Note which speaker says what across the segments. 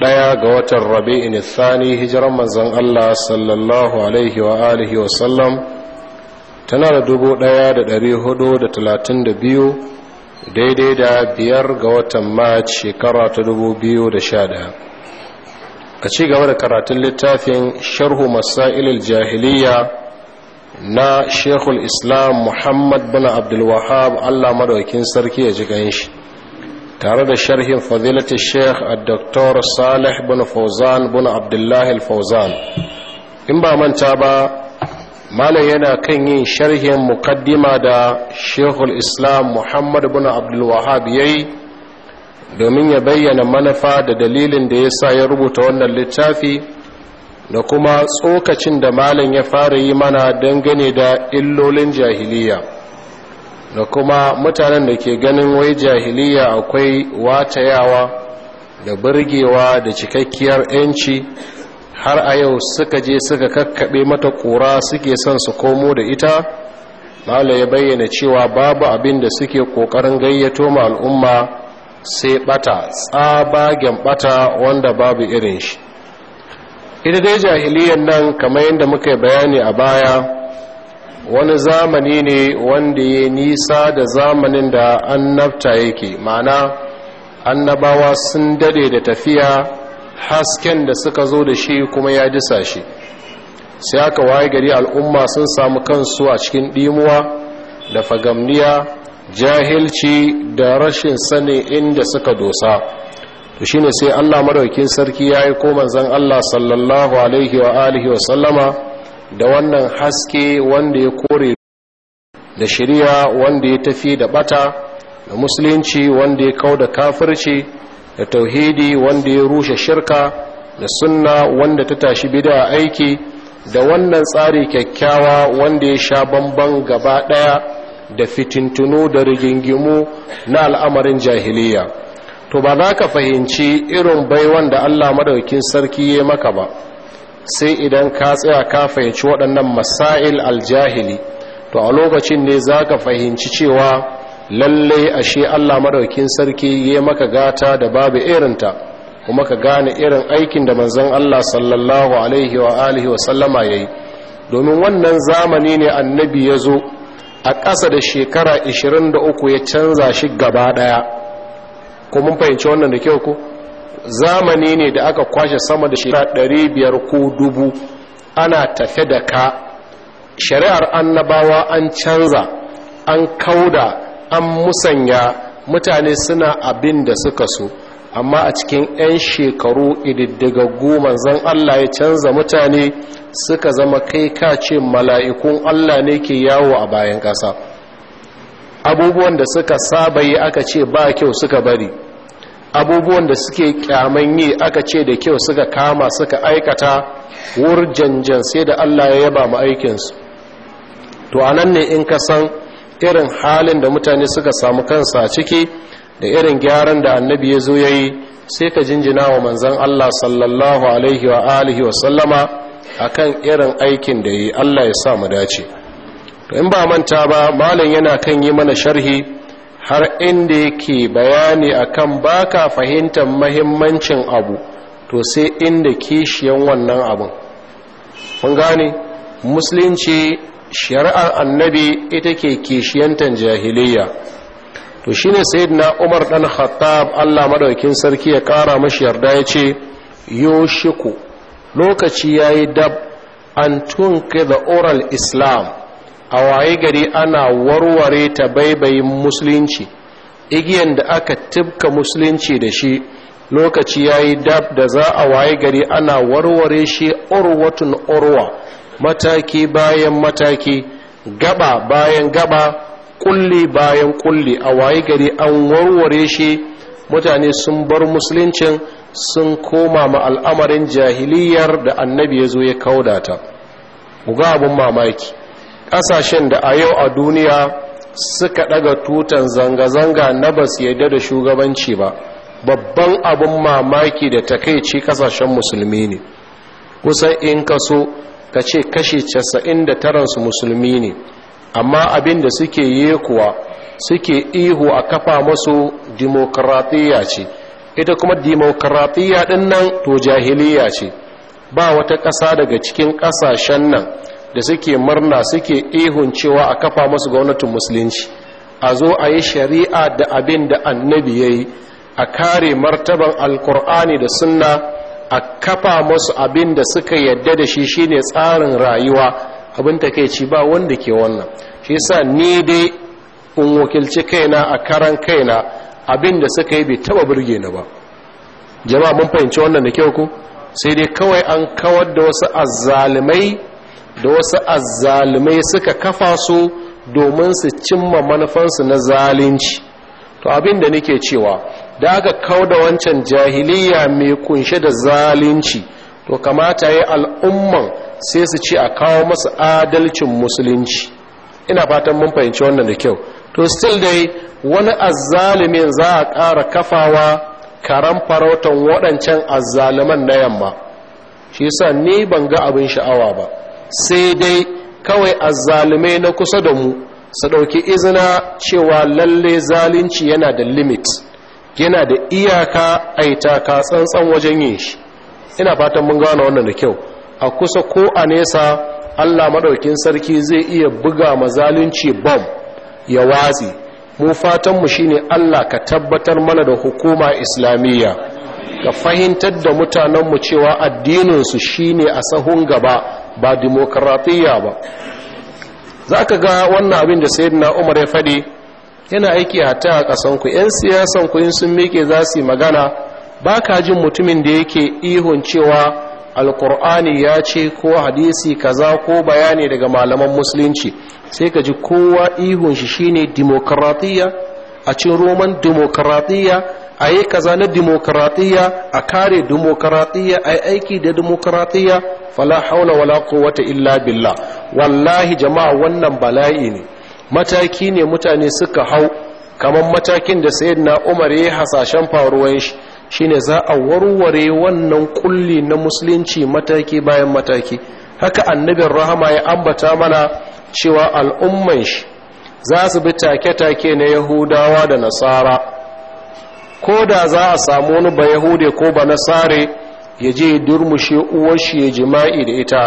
Speaker 1: ɗaya ga watan rabi'in thani hijiran manzan Allah sallallahu alaihi wa alihi wa sallam tana da dubu ɗaya da ɗari hudu da talatin da biyu daidai da biyar ga watan mac shekara ta dubu biyu da sha ɗaya a ci gaba da karatun littafin sharhu masailil jahiliya na shekul islam muhammad bin abdulwahab allah madaukin sarki ya ji ganshi tare da sharhin fadilatul sheikh dr salih bin fauzan bin abdullahi fauzan in ba manta ba malam yana kan yin sharhin mukaddima da shekul islam muhammad bin abdulwahab ya yi domin ya bayyana manufa da dalilin da ya sa ya rubuta wannan littafi da kuma tsokacin da malam ya fara yi mana dangane da illolin jahiliya da kuma mutanen da ke ganin wai jahiliya akwai watayawa da birgewa da cikakkiyar 'yanci har a yau suka je suka kakkaɓe mata ƙura suke son su komo da ita mala ya bayyana cewa babu abin da suke ƙoƙarin gayyato ma al'umma sai ɓata tsabagen ɓata wanda babu irin shi ita dai jahiliyan nan kamar yadda muka bayani a baya wani zamani ne wanda ya nisa da zamanin da annabta yake ma'ana annabawa sun dade da tafiya hasken da suka zo da shi kuma ya disa shi sai aka waye gari al'umma sun samu kansu a cikin dimuwa da fagamniya jahilci da rashin sani inda suka dosa to shine sai Allah madaukakin sarki yayi ko manzon Allah sallallahu alaihi wa alihi wa sallama da wannan haske wanda ya kore da shirya wanda ya tafi da bata da musulunci wanda ya kau da kafirci da tauhidi wanda ya rushe shirka da sunna wanda ta tashi bida aiki da wannan tsari kyakkyawa wanda ya sha bamban gaba daya da fitintunu da rigingimu na al'amarin jahiliya to ba za ka fahimci irin baiwan da allah madaukin sarki ya maka ba sai idan ka tsaya ka fahimci waɗannan masail aljahili to a lokacin ne za ka fahimci cewa lallai ashe allah Madaukin sarki ya maka gata da babu irin ta, kuma ka gane irin aikin da manzon allah sallallahu alaihi wa alihi wa sallama ya domin wannan zamani ne annabi ya zo a ƙasa da shekara 23 ya canza shi gaba ɗaya ko mun fahimci wannan da kyau ko zamani ne da aka kwashe sama da shekara ɗari biyar ko dubu ana tafe da ka shari'ar annabawa an canza an kauda an musanya mutane suna abin da suka so amma a cikin 'yan shekaru goma zan Allah ya canza mutane suka zama kai kace mala'ikun Allah ne ke yawo a bayan ƙasa abubuwan da suka saba aka ce ba kyau suka bari abubuwan da suke kyaman yi aka ce da kyau suka kama suka aikata wurjanjan sai da Allah ya yaba mu aikinsu to anan ne in ka san irin halin da mutane suka samu kansa a ciki da irin gyaran da annabi ya zo ya yi sai ka jinjina wa manzan Allah sallallahu alaihi wa alihi wa sallama akan irin aikin da yi Allah ya sa mu dace to in ba manta ba malam yana kan yi mana sharhi har inda yake bayani akan baka fahimtar mahimmancin abu to sai inda kishiyan wannan abun mun gane musulunci shari'ar annabi ita ke kishiyantar jahiliya to shine sayyidina Umar dan Khattab Allah maɗaukin sarki ya kara mashi yarda yace yoshiku lokaci yayi dab an tunqidha oral islam a waye gari ana warware ta baibayin musulunci igiyan da aka tibka musulunci da shi lokaci ya yi dab da za a waye gari ana warware shi urwatun urwa mataki bayan mataki gaba bayan gaba kulli bayan kulli a waye gari an warware shi mutane sun bar musuluncin sun koma ma al'amarin jahiliyar da annabi ya zo ya kaudata ku ga abin mamaki Kasashen da a yau a duniya suka ɗaga tutan zanga-zanga na ba su yarda da shugabanci ba babban abin mamaki da takaici kasashen musulmi ne kusan in kaso so ka ce kashe 99 su musulmi ne amma abin da suke yi kuwa suke ihu a kafa masu dimokuraɗiyya ce ita kuma dimokuraɗiyya ɗin nan to jahiliya ce ba wata ƙasa daga cikin ƙasashen nan da suke murna suke ihun cewa a kafa masu gwamnatin musulunci a zo a yi shari'a da abin da annabi ya yi a kare martaban alkur'ani da sunna a kafa masu abin da suka yadda da shi shine tsarin rayuwa abin ci ba wanda ke wannan shi sa ni dai in wakilci kaina a karan kaina abin da suka yi bai taba burge ni ba jama'a mun fahimci wannan da kyau ku sai dai kawai an kawar da wasu azzalimai da wasu azzalumai suka kafa su domin su cimma manufansu na zalunci to abin da nake cewa da aka kau da wancan jahiliya mai kunshe da zalunci to kamata ya al'umman sai su ci a kawo masu adalcin musulunci ina fatan mun fahimci wannan da kyau to still dai wani azzalumin za a ƙara kafawa karan farautan waɗancan azzaluman na yamma shi sa ni ban ga abin sha'awa ba sai dai kawai azzalumai na kusa da mu su ɗauki izina cewa lalle zalunci yana da limit yana da iyaka ka tsantsan wajen yin shi ina fatan mun gane wannan da kyau a kusa ko a nesa allah maɗaukin sarki zai iya buga ma zalunci bom ya watsi mu fatanmu ne allah ka tabbatar mana da hukuma islamiyya ka fahimtar da mutanenmu cewa addininsu shi ne a sahun gaba ba dimokuraɗiyya ba za ka ga wannan abin da sai na umar ya faɗi yana aiki a ta a ku 'yan siyasanku in sun miƙe za su yi magana ba ka jin mutumin da yake ihun cewa alkur'ani ya ce ko hadisi kaza ko bayani daga malaman musulunci sai ka ji kowa ihun shi shine demokaratiyya a cin roman dimokuraɗiyya a yi kaza na dimokuraɗiyya a kare dimokuraɗiyya a aiki da dimokuraɗiyya fala haula wala kowata illa billah wallahi jama'a wannan bala'i ne mataki ne mutane suka hau kamar matakin da na Umar ya yi hasashen faruwan shi shine za a warware wannan kulli na musulunci mataki bayan mataki haka annabin rahama ya ambata mana cewa al'umman shi za su bi take-take na yahudawa da nasara ko da za a samu wani ba yahude ko ba nasare ya je durmushe uwarshi ya jima'i da ita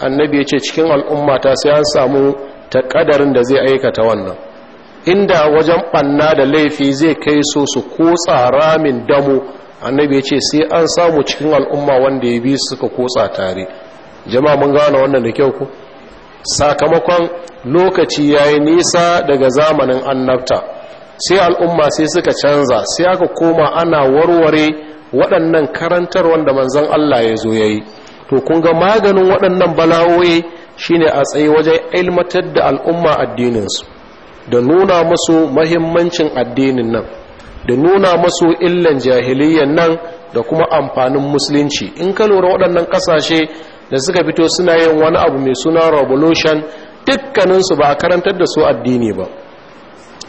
Speaker 1: annabi ya ce cikin al'ummata sai an samu ta kadarin da zai aikata wannan inda wajen banna da laifi zai kai so su kotsa ramin damu, annabi ya ce sai an samu cikin al'umma wanda ya bi suka kotsa tare jama'a mun gane wannan da kyau ku sakamakon lokaci yayi nisa daga zamanin annabta sai al'umma sai suka canza sai aka koma ana warware waɗannan karantar wanda manzan Allah ya zo ya yi to kun ga maganin waɗannan bala'o'i shine a tsaye wajen ilmatar da al'umma addininsu da nuna musu mahimmancin addinin nan da nuna masu illan jahiliyyan nan da kuma amfanin musulunci in ka lura waɗannan ƙasashe da suka fito suna yin wani abu mai suna revolution dukkaninsu ba a karantar da su addini ba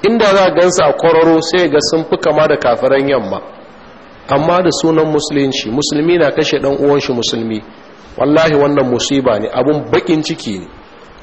Speaker 1: inda za gansu a kwararo sai ga sun fi kama da kafiran yamma amma da sunan musulunci musulmi na kashe dan uwan musulmi wallahi wannan musiba ne abun bakin ciki ne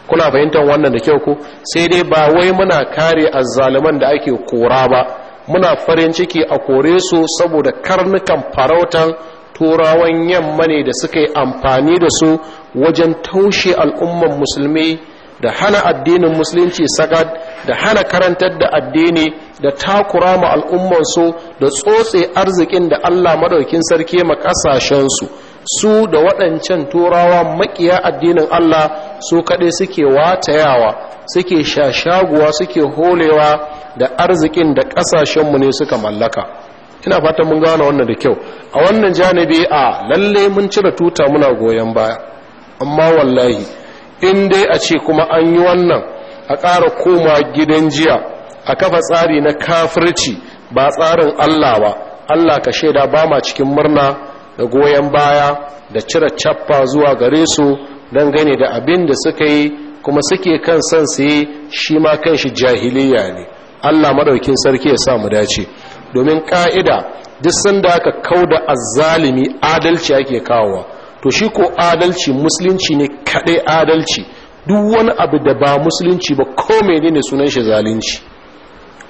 Speaker 1: kuna fahimtar wannan da kyau ko sai dai ba wai muna kare azzaluman da ake kora ba muna farin ciki a kore su saboda karnukan farautan turawan yamma ne da suka yi amfani da su wajen taushe al'umman musulmi da hana addinin musulunci sagad da hana karantar da addini da takura ma al'ummansu da tsotse arzikin da allah maɗaukin sarki ma ƙasashensu su da waɗancan turawa maƙiya addinin allah su kaɗai suke watayawa suke shashaguwa suke holewa da arzikin da ƙasashenmu ne suka mallaka ina fatan mun gane wannan da kyau a wannan janibi a lalle mun cire tuta muna goyon baya amma wallahi in dai a ce kuma an yi wannan a ƙara koma gidan jiya a kafa tsari na kafirci ba tsarin Allah ba Allah ka shaida ba ma cikin murna da goyon baya da cire cappa zuwa gare su don gane da abin da suka yi kuma suke kan son su yi shi ma kan shi jahiliya ne Allah maɗaukin sarki ya sa mu dace domin ka'ida duk sanda aka da azzalimi adalci ake kawowa to shi ko adalci musulunci ne kaɗai adalci duk wani abu da ba musulunci ba ko ne sunan shi zalunci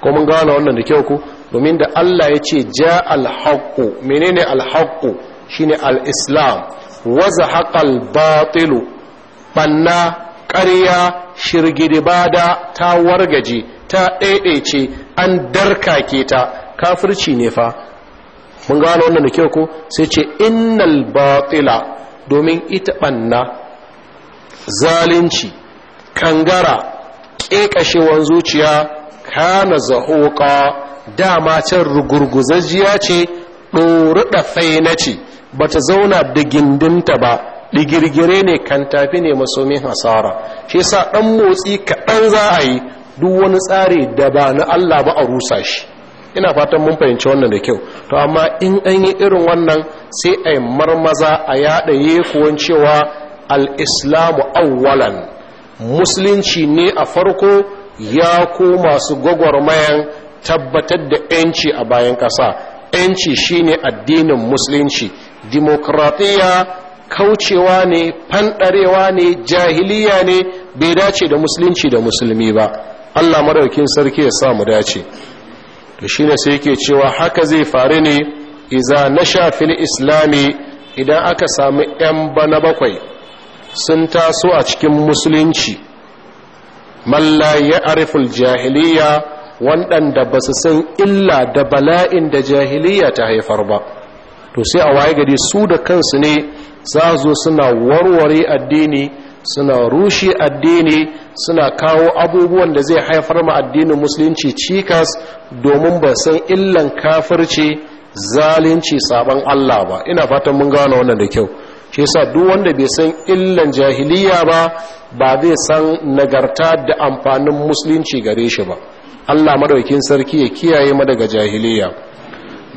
Speaker 1: ko mun gane wannan da kyau ko domin da Allah ya ce ja alhaqqu menene alhaqqu shine al-islam wa zahaqal batilu banna ƙarya shirgidibada ta wargaje ta ɗaiɗaice an darkake ta kafirci ne fa mun gano wannan da kyau ko sai ce innal batila domin ita ɓanna zalunci kangara ƙeƙashewan zuciya kana zahoka dama can rugurguzajiya ce ɗori ɗafai na ce ba ta zauna da gindinta ba digirgire ne kan tafi ne masomin hasara shi sa ɗan motsi kaɗan za a yi duk wani tsari da ba na allah ba a rusa shi ina fatan mun fahimci wannan da kyau to amma in an yi irin wannan sai a marmaza a yada kuwan cewa al-islamu awwalan musulunci ne a farko ya ko masu gwagwarmayan tabbatar da 'yanci a bayan ƙasa 'yanci shine addinin musulunci dimokuraɗiyya kaucewa ne fanɗarewa ne jahiliya ne bai dace da musulunci da musulmi ba allah maraukin sarki ya sa mu dace da shi ne sai yake cewa haka zai faru ne iza na shafin islami idan aka sami 'yan bana bakwai sun taso a cikin musulunci malla ya ariful jahiliya waɗanda ba su san illa da bala'in da jahiliya ta haifar ba to sai a waye gari su da kansu ne za zo suna warware addini suna rushe addini suna kawo abubuwan da zai haifar ma addinin musulunci cikas domin ba san illan kafirci zalunci sabon Allah ba ina fatan mun gano wannan da kyau shi yasa duk wanda bai san illan jahiliya ba ba zai san nagarta da amfanin musulunci gare shi ba Allah madaukin sarki ya kiyaye mu daga jahiliya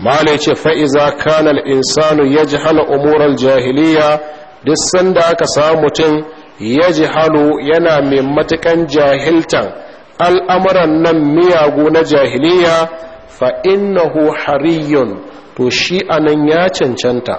Speaker 1: mala yace fa iza kana al insanu yajhala umural jahiliya duk sanda aka samu mutum Yaji halu yana mai matukan jahiltan al'amuran nan miyagu na jahiliya fa innahu hariyun to shi anan ya cancanta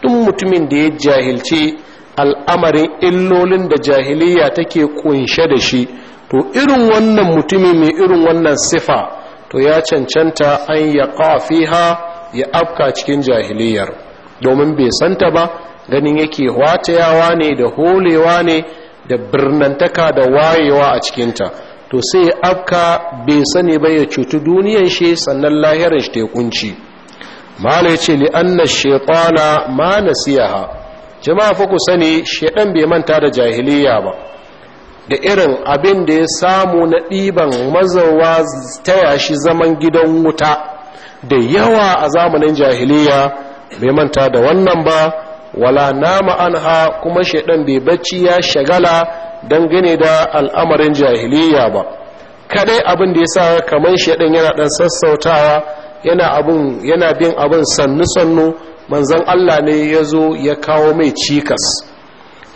Speaker 1: duk mutumin da ya jahilci al'amarin illolin da jahiliya take kunshe da shi to irin wannan mutumi mai irin wannan sifa to ya cancanta an ya ha ya afka cikin jahiliyar domin bai santa ba ganin yake watayawa ne da holewa ne da birnantaka da wayewa a cikinta to sai afka bai sani ba ya cutu duniyan shi sannan lahirar shi tekunci mala ya ce li'anna shekwana ma jama'a fa ku sani shaidan bai manta da jahiliya ba da irin abin da ya samu na ɗiban mazawa ta yashi zaman gidan wuta da yawa a zamanin jahiliya bai manta da wannan ba wala nama anha kuma shaidan bai bacci ya shagala dangane da al'amarin jahiliya ba kadai abin da ya sa kamar shaidan yana dan sassautawa yana abin yana bin abin sannu sannu manzon Allah ne ya zo ya kawo mai cikas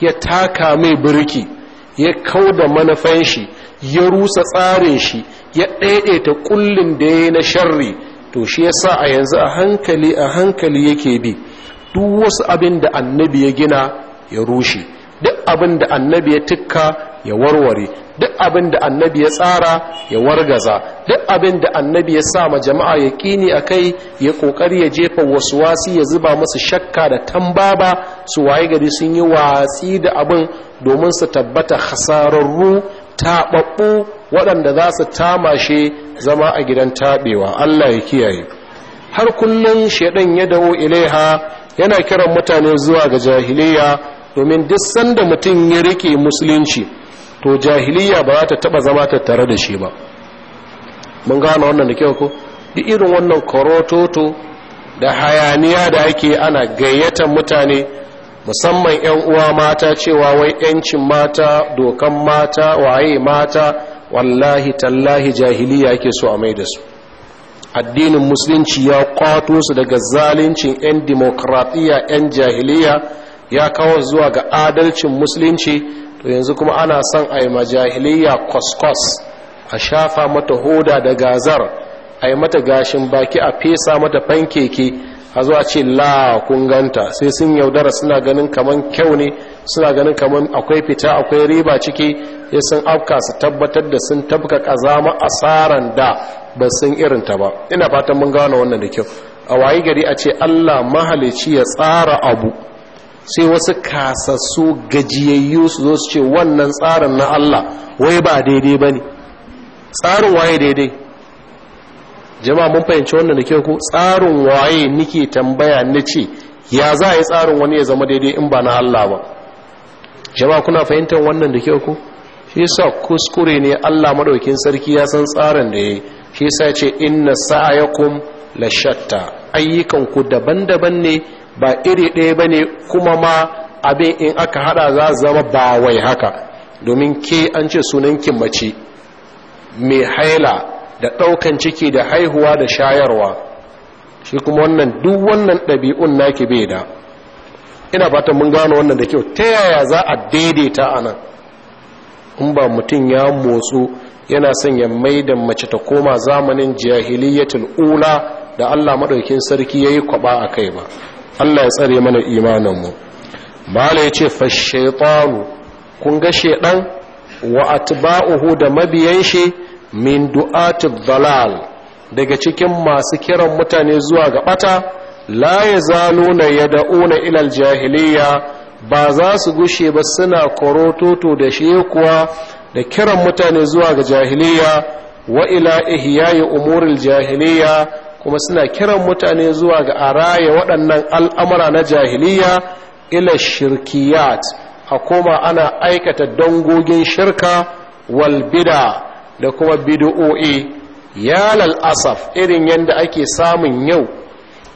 Speaker 1: ya taka mai birki ya kauda manufan shi ya rusa tsarin shi ya daidaita kullun da yayi na sharri to shi yasa a yanzu a hankali a hankali yake bi duk wasu abin da annabi ya gina ya rushe duk abin da annabi ya tukka ya warware duk abin da annabi ya tsara ya wargaza duk abin da annabi ya sa ma jama'a ya kini a kai ya kokari ya jefa wasu wasi ya zuba musu shakka da tambaba su waye gari sun yi watsi da abin domin su tabbata hasararru taɓaɓɓu waɗanda za su tamashe zama a gidan taɓewa allah ya kiyaye har kullum shaidan ya dawo ilaiha yana kiran mutane zuwa ga jahiliya domin duk sanda mutum ya rike musulunci to jahiliya ba za ta taba zama ta tare da shi ba mun gano wannan da kyau ko duk irin wannan korototo da hayaniya da ake ana gayyata mutane musamman 'yan uwa mata cewa wai 'yancin mata dokan mata waye mata wallahi tallahi jahiliya ake so a mai da su addinin musulunci ya kwato su daga zalincin 'yan demokratiya 'yan jahiliya ya kawo zuwa ga adalcin musulunci to yanzu kuma ana son a yi majahiliya kwaskwas a shafa mata hoda da gazar a yi mata gashin baki a fesa mata fankeke a zuwa ce la kun ganta sai sun yaudara suna ganin kamar kyau ne suna ganin kamar akwai fita akwai riba ciki ya sun afka su tabbatar da sun tabka ƙazama asaran da ba san irinta ba ina fatan mun gano wannan da kyau a waye gari a ce allah mahalici ya tsara abu sai wasu kasassu gajiyayyu su zo su ce wannan tsarin na allah wai ba daidai ba ne tsarin waye daidai jama mun fahimci wannan da kyau ko tsarin waye nike tambaya na ce ya za a yi tsarin wani ya zama daidai in ba na allah ba jama kuna fahimtar wannan da kyau ko shi sa kuskure ne allah madaukin sarki ya san tsarin da ya yi shi sa ce inna sa'ayakum la shatta ayyukan ku daban-daban ne ba iri ɗaya bane kuma ma abin in aka hada za zama ba wai haka domin ke an ce sunan kin mace mai haila da ɗaukan ciki da haihuwa da shayarwa shi kuma wannan duk wannan ɗabi'un naki bai da ina fatan mun gano wannan da kyau ta yaya za a daidaita a nan in ba mutum ya motsu yana son ya maida mace ta koma zamanin jahiliyatul ula da Allah madaukin sarki yayi kwaba akai ba Allah ya tsare mana imanin mu mala yace fa shaytan kun ga shedan wa atba'uhu da mabiyan shi min du'atul dalal daga cikin masu kiran mutane zuwa ga bata la yazaluna yad'una ila jahiliya? ba za su gushe ba suna korototo da shekuwa da kiran mutane zuwa ga jahiliya wa ila ihyayi umuril jahiliya kuma suna kiran mutane zuwa ga araye waɗannan al'amura na jahiliya ila shirkiyat a koma ana aikata dangogin shirka walbida da kuma bid'o'i yalal asaf irin yadda ake samun yau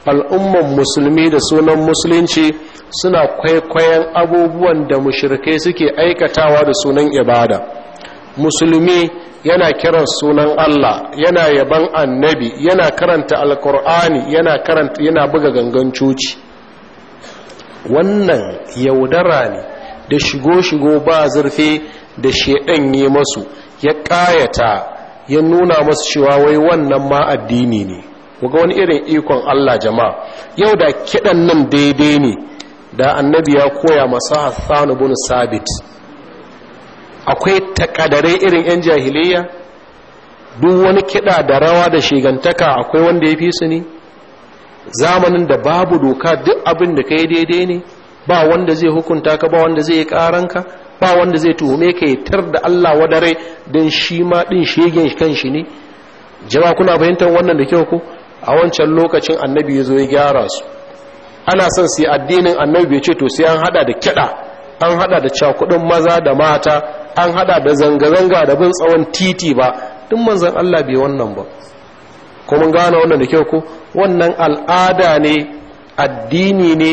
Speaker 1: al'umman musulmi da sunan musulunci suna kwaikwayon abubuwan da mushrikai suke aikatawa da sunan ibada musulmi yana kiran sunan Allah yana yaban annabi yana karanta alkur'ani yana karanta yana buga gangan coci wannan yaudara ne da shigo-shigo ba zurfe da shedan yi masu ya ƙayata ya nuna masu cewa wai wannan ma addini ne ku ga wani irin ikon Allah jama'a yau da kidan nan daidai ne da annabi ya koya masa Hassan ibn Sabit akwai takadare irin yan jahiliyya duk wani kida da rawa da shigantaka akwai wanda ya fi su ne zamanin da babu doka duk abin da kai daidai ne ba wanda zai hukunta ka ba wanda zai yi karanka ba wanda zai tuhume ka ya da Allah wadare don shi ma din shegen kan shi ne jama'a kuna bayyantar wannan da kyau ko a wancan lokacin annabi ya zo ya gyara su ana son su yi addinin annabi ya ce to sai an hada da kiɗa an hada da cakudin maza da mata an hada da zanga-zanga da bin tsawon titi ba duk manzan allah bai wannan ba kuma gane wannan da kyau ko wannan al'ada ne addini ne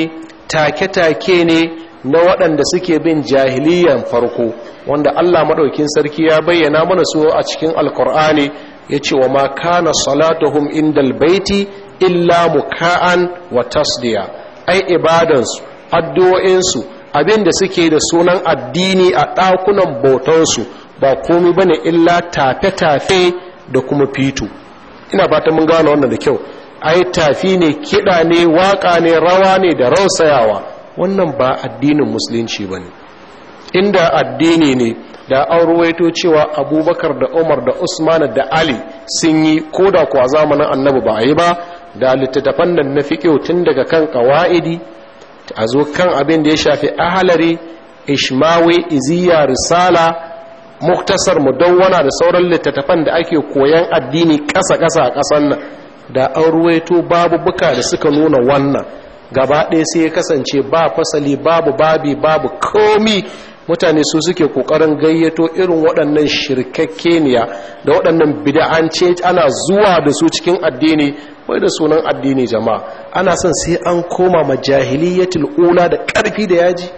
Speaker 1: take-take ne na waɗanda suke bin jahiliyan farko wanda allah maɗaukin sarki ya bayyana mana su a cikin alkur'ani ya ce wa ma kana salatuhum indal baiti illa muka'an wa tasdiya ai ibadansu addu'o'insu abinda suke da sunan addini a ɗakunan bautansu ba komi ba ne illa tafe-tafe da kuma fito ina fata mun gano wannan da kyau ai tafi ne kiɗa ne waƙa ne rawa ne da rausayawa wannan ba addinin musulunci ba ne inda addini ne da an ruwaito cewa abubakar da umar da usman da ali sun yi ko da kuwa zamanin annabi ba a yi ba da littattafan nan na fiƙo tun daga kan ƙawa'idi a zo kan abin da ya shafi ahalari ishmawi iziya risala muktasar mudawwana da sauran littattafan da ake koyan addini ƙasa kasa a ƙasan nan da an ruwaito buka da suka nuna wannan gaba ɗaya sai ya kasance ba fasali babu babi babu komi mutane su suke kokarin gayyato irin waɗannan shirkakkeniya da waɗannan bid'ance ana zuwa da su cikin addini wai da sunan addini jama'a ana son sai an koma ma ya ula da ƙarfi da yaji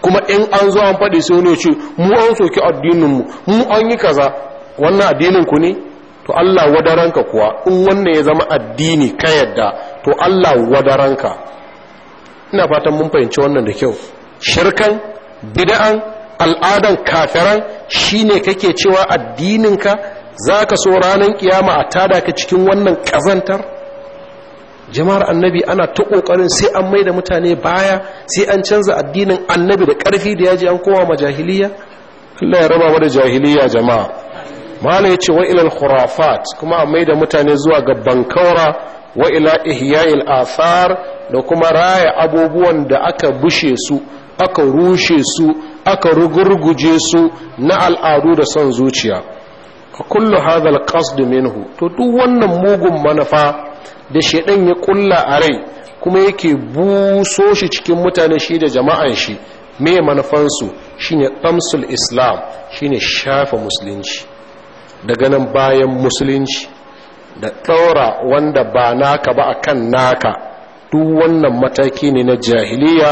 Speaker 1: kuma in an zo an faɗi sai ne ce mu an soki addininmu mu an yi kaza wannan addinin ku ne to Allah wadaranka kuwa in wannan ya zama addini ka yadda to Allah wadaranka ina fatan mun fahimci wannan da kyau shirkan bid'an al'adan kafiran shine kake cewa addininka zaka so ranar kiyama a tada ka cikin wannan kazantar jama'ar annabi ana ta kokarin sai an maida mutane baya sai an canza addinin annabi da karfi da yaji an kowa majahiliya Allah ya raba da jahiliya jama'a mala yace wa ilal khurafat kuma a maida mutane zuwa ga bankaura wa ila ihya'il athar da kuma raya abubuwan da aka bushe su aka rushe su aka rugurguje su na al'adu da son zuciya a kullu hadal qasd minhu to duk wannan mugun manufa da shedan ya kulla a rai kuma yake buso shi cikin mutane shi da jama'an shi me manufansu shine tamsul islam shine shafa musulunci daga nan bayan musulunci da tsora wanda ba naka ba akan naka duk wannan mataki ne na jahiliya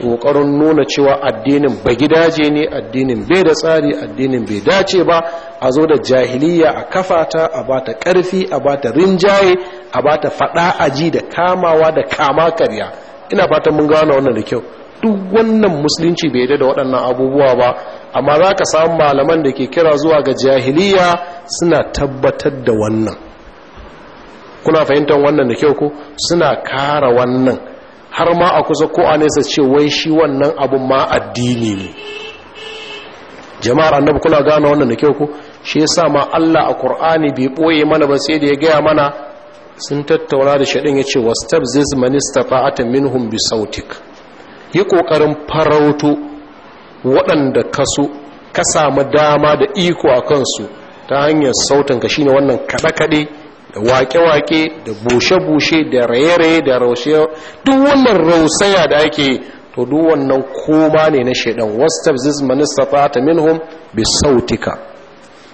Speaker 1: ƙoƙarin nuna cewa addinin ba gidaje ne addinin bai da tsari addinin bai dace ba a zo da jahiliya a kafata a ba ta ƙarfi a ba ta rinjaye a ba ta faɗa aji da kamawa da kama karya ina fatan mun gano wannan da kyau duk wannan musulunci bai da waɗannan abubuwa ba amma za ka samu malaman da ke kira zuwa ga jahiliya suna tabbatar da wannan kuna fahimtar wannan da kyau ko suna kara wannan har ma a kusa ko a nesa ce wai shi wannan abun ma addini ne jama'ar annabi kuna gane wannan da kyau ku shi yasa ma Allah a Qur'ani bai ɓoye mana ba sai da ya gaya mana sun tattauna da shaɗin ya ce wastabziz man istata'ata minhum bi sautik yi ƙoƙarin farauto waɗanda kaso ka samu dama da iko a kansu ta hanyar sautin ka shine wannan kaɗe-kaɗe da wake-wake da bushe-bushe da raye-raye da raushe duk wannan rausaya da ake to duk wannan koma ne na shaidan wastab zizman istata minhum bi sautika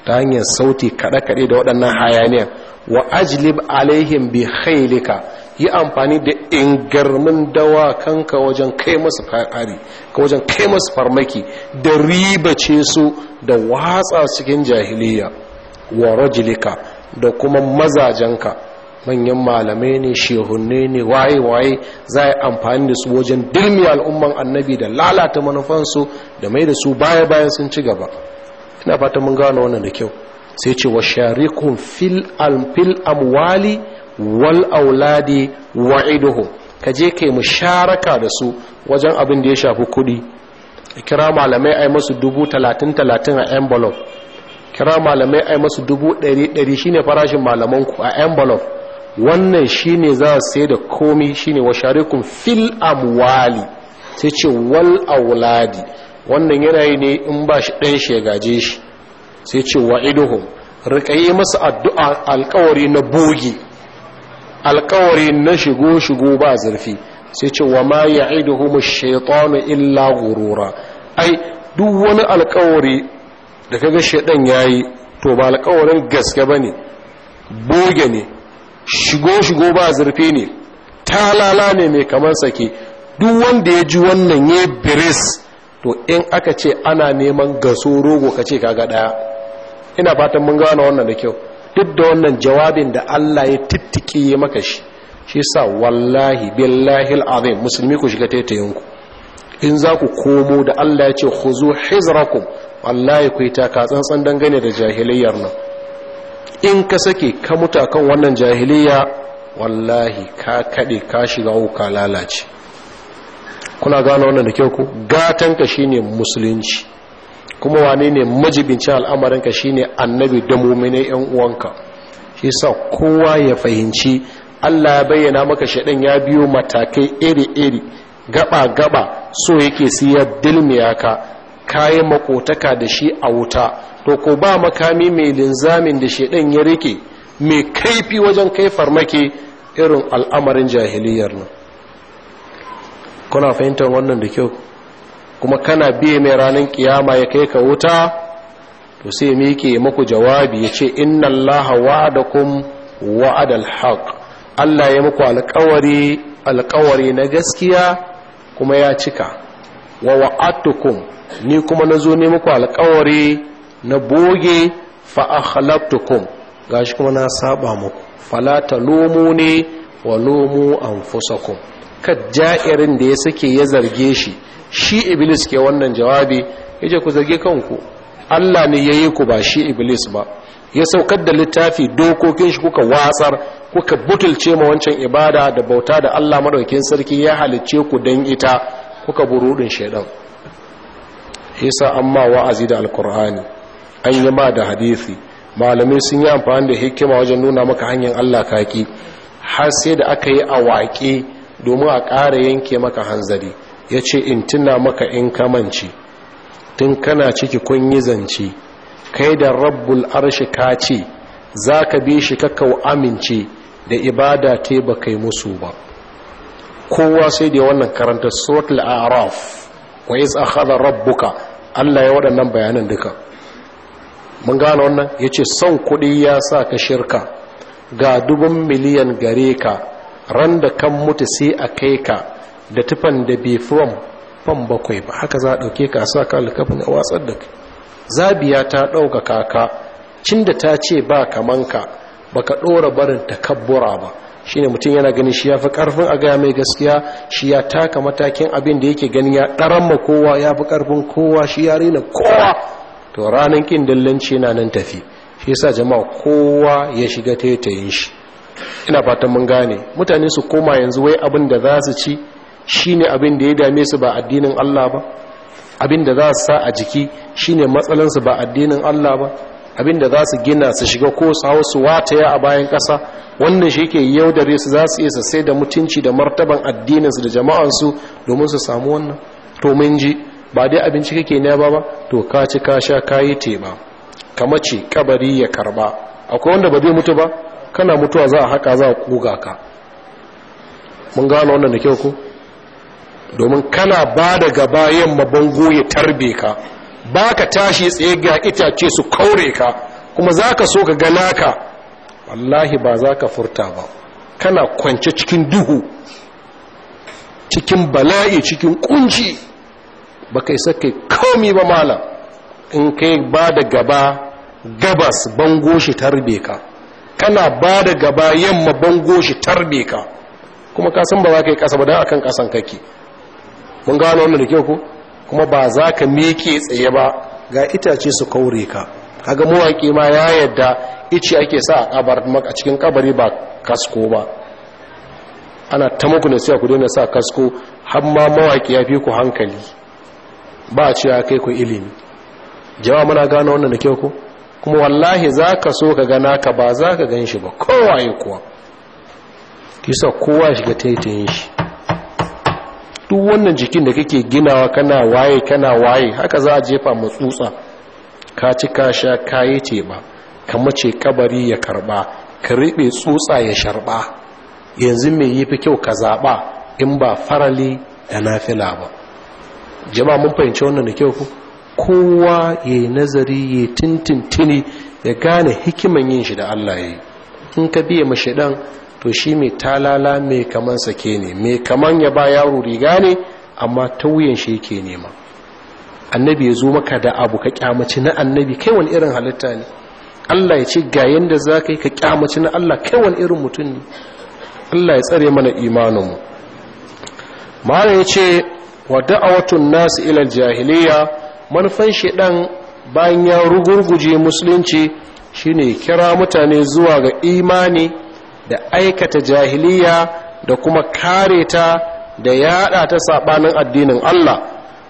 Speaker 1: ta hanyar sauti kaɗe-kaɗe da waɗannan hayaniya wa ajlib alaihim bi khailika yi amfani da ingarmin dawakanka wajen kai masu fari ka wajen kai masu farmaki da ribace su da watsa cikin jahiliya wa rajulika da kuma mazajenka manyan malamai ne shehunne ne waye-waye za a amfani da su wajen dirmi al'umman annabi da lalata manufansu da mai da su baya-bayan sun ci gaba ina fata mun gano wannan da kyau sai ce wa sharikun fil amwali wal auladi wa iduhu ka je kai mu sharaka da su wajen abin da ya shafi kuɗi kira malamai ai masu dubu talatin talatin a envelope kira malamai yi masu dubu ɗari ɗari shine farashin ku a envelope wannan shine za a sai da komi shine wa sharikun fil amwali sai ce wal auladi wannan yanayi ne in ba shi ɗan shi ya gaje shi sai ce wa iduhum rikaye masu addu'a alkawari na bogi alkawari na shigo shigo ba zurfi sai ce wa ma ya mu shaitanu illa gurura ai duk wani alkawari da ka ga shaidan ya yi to ba alkawarin gaske ba ne boge ne shigo shigo ba zurfi ne talala ne mai kamar sake duk wanda ya ji wannan ya biris to in aka ce ana neman gaso rogo ka ce kaga daya ina fatan mun gane wannan da kyau duk da wannan jawabin da Allah ya tittike maka shi shi sa wallahi billahi alazim musulmi ku shiga taitayinku in za ku komo da Allah ya ce khuzu hizrakum wallahi ku yi taka tsantsan dangane da jahiliyar nan in ka sake ka mutu kan wannan jahiliya wallahi ka kaɗe ka shiga wuka lalace kuna gane wannan da kyau ku gatanka shine musulunci kuma wane ne majibincin al'amarinka shine annabi da mummune yan uwanka shi sa kowa ya fahimci Allah ya bayyana maka shaɗin ya biyo matakai iri-iri gaba-gaba so yake siya dilmiya ka kayan makotaka da shi a wuta to ko ba makami mai linzamin da shi ɗan ya rike mai kaifi wajen kai farmaki irin al'amarin jahiliyar nan kuna fahimtar wannan da kyau kuma kana biya mai ranar kiyama ya kai ka wuta to sai mike maku jawabi ya ce inna allaha wa wa'adal haq Allah ya muku alƙawari alƙawari na gaskiya kuma ya cika wa wa'atukum ni kuma na zo ne muku alkawari na boge fa akhlaftukum gashi kuma na saba muku fala talumu ne wa lumu anfusakum kad ja'irin da ya sake ya zarge shi shi iblis ke wannan jawabi yaje ku zarge kanku Allah ne yayi ku ba shi iblis ba ya saukar da littafi dokokin shi kuka watsar kuka butulce ma wancan ibada da bauta da Allah madaukakin sarki ya halicce ku dan ita kuka burudin shaidan yasa amma wa'azi da alkur'ani an yi ma da hadisi malamai sun yi amfani da hikima wajen nuna maka hanyar Allah kaki har sai da aka yi a waƙe domin a ƙara yanke maka hanzari ya ce in tuna maka in kamanci tun kana ciki kun yi zance kai da rabbul arshi ka ce za ka bi shi kakau amince da ibada te ba kai musu ba kowa sai da wannan karanta suratul a'raf wa iz akhadha rabbuka Allah ya waɗannan bayanan duka mun gane wannan yace son kuɗi ya sa ka shirka ga dubun miliyan gare ka ran da kan mutu sai a kai ka da tufan da bai from fan bakwai ba haka za a ɗauke ka sa ka alkafin a watsar da zabiya ta ɗauka kaka, cin ta ce ba kamanka baka ɗora barin takabbura ba shine mutum yana ganin shi ya fi karfin a gaya mai gaskiya shi ya taka matakin abin da yake ganin ya ɗarama kowa ya fi karfin kowa shi ya rena kowa to ranar ƙin dillanci yana nan tafi shi yasa jama'a kowa ya shiga taitayin shi ina fatan mun gane mutane su koma yanzu wai abin da za su ci shine abin da ya dame su ba addinin Allah ba abin da za su sa a jiki shine matsalansu ba addinin Allah ba abinda za su gina su shiga ko su hau su wataya a bayan kasa. wannan shi ke da su za su iya su da mutunci da martaban addininsu da jama'ansu domin su samu wannan to mun ji ba dai abinci kake ne ba ba to ka ci ka sha ka yi te kama ce kabari ya karba akwai wanda ba zai mutu ba kana mutuwa za a haka za a kuga ka mun gano wannan da kyau ko domin kana ba da gaba ma bango ya tarbe ka ba ka tashi tsaye ga itace su kaure ka kuma za ka so ka gana ka wallahi ba za ka furta ba kana kwance cikin duhu cikin bala'i cikin kunci ba kai sake komi ba malam in kai ba da gaba gabas bango shi tarbe ka kana ba da gaba yamma bango shi tarbe ka kuma kasan ba za ka yi kasa ba don akan kasan kake mun gano wannan da kyau ko kuma ba za ka meke tsaye ba ga itace su kaure ka kaga mawaƙi ma ya yadda ice ake sa a cikin kabari ba kasko ba ana ta muku sai ku daina sa kasko har ma mawaƙi ya fi ku hankali ba a cewa kai ku ilimi jama'a muna gano wannan da kyau ku kuma wallahi za ka so ka gana ka ba za ka gan shi ba kowa ya kuwa kisa kowa shiga taitayin shi duk wannan jikin da kake ginawa kana waye kana waye haka za a jefa matsutsa ka ci ka sha kayi ce ba ka ce kabari ya karba ka riɓe tsutsa ya sharɓa. yanzu mai yi fi kyau ka zaɓa in ba farali da nafila ba jama mun fahimci wannan da kyau ku kowa ya yi nazari ya tintintini ya gane hikiman yin shi da allah ya yi in ka biya mashi to shi mai talala mai kaman sake ne mai kaman ya ba yaro riga ne amma ta wuyan shi yake nema annabi ya zo maka da abu ka kyamaci na annabi kai wani irin halitta ne Allah ya ce ga yadda za ka yi ka kyamaci na Allah kai wani irin mutum ne Allah ya tsare mana imaninmu mara ya ce a watan nasu ilar jahiliya manufan shi dan bayan ya rugurguje musulunci shine kira mutane zuwa ga imani da aikata jahiliya da kuma kare ta da yada ta sabanin addinin Allah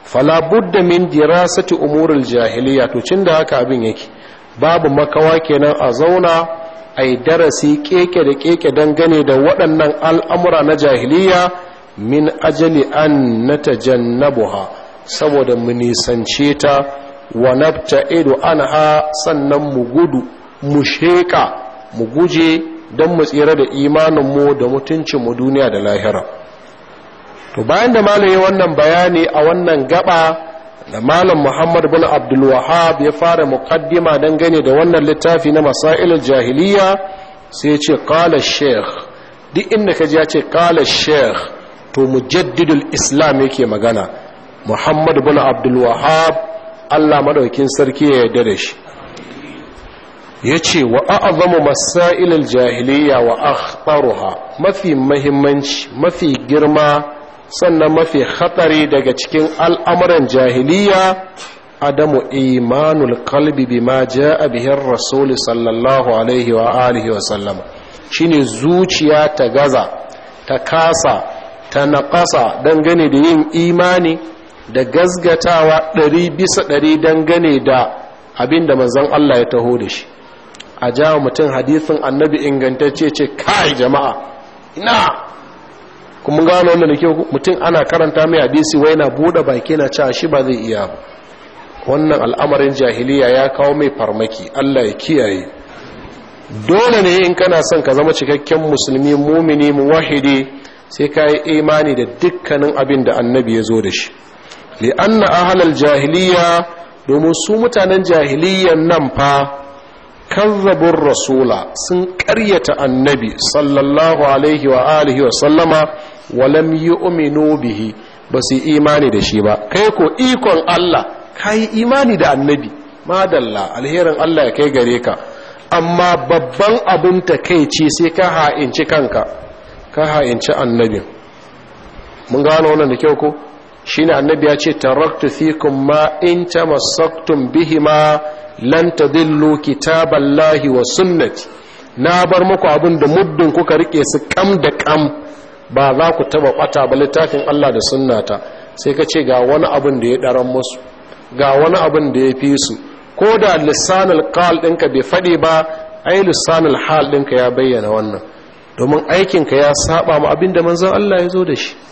Speaker 1: fala budda min dirasati umuril jahiliya to cinda haka abin yake babu makawa kenan a zauna a darasi keke da keke dangane da waɗannan al'amura na jahiliya min ajali an na saboda mu nisance ta wa nabta'idu ido sannan mu gudu mu sheka mu guje don mu tsira da imaninmu da mutuncinmu duniya da lahira to bayan da malaye wannan bayani a wannan gaba da malam muhammad bin Abdulwahab ya fara muqaddima dangane da wannan littafi na masailul jahiliya sai ya ce qala sheikh duk inda ka ya ce qala sheikh to mujaddidul islam yake magana muhammad bin Abdulwahab, Allah madaukin sarki ya yarda da shi ya ce wa a'azamu masailal jahiliya wa akhtaruha mafi mahimmanci mafi girma sannan mafi hatsari daga cikin al'amuran jahiliya adamu imanul kalbi bima ja'a bihin rasuli sallallahu alaihi wa alihi wa sallama shine zuciya ta gaza ta kasa ta naƙasa dangane da yin imani da gazgatawa ɗari bisa ɗari dangane da abin da manzon Allah ya taho da shi a jawo mutum hadisin annabi ingantacce ce kai jama'a ina kuma gano wanda nake mutum ana karanta mai hadisi wai na buɗe baki na cewa shi ba zai iya ba wannan al'amarin jahiliya ya kawo mai farmaki Allah ya kiyaye dole ne in kana son ka zama cikakken musulmi mumini wahidi sai ka yi imani da dukkanin abin da annabi ya zo da shi li'anna ahlal jahiliya domin su mutanen jahiliyan nan fa kazzabun rasula sun karyata annabi sallallahu alaihi wa alihi wa sallama walam yu'minu bihi ba su imani da shi ba kai ko ikon Allah kai imani da annabi madalla alherin Allah ya kai gare ka amma babban abin takeici sai ka ha'inci kanka ka ha'inci annabin mun gano wannan da kyau ko shine annabi ya ce taraktu fikum ma in tamassaktum bihima lan tadillu kitaballahi wa sunnati na bar muku abin da muddin kuka rike su kam da kam ba za ku taba bata ba littafin Allah da sunnata sai ka ce ga wani abin da ya daran musu ga wani abin da ya fi su ko da lissanul qal ɗinka bai faɗi ba ai lissanul hal ɗinka ya bayyana wannan domin aikinka ya saba ma abin da manzon Allah ya zo da shi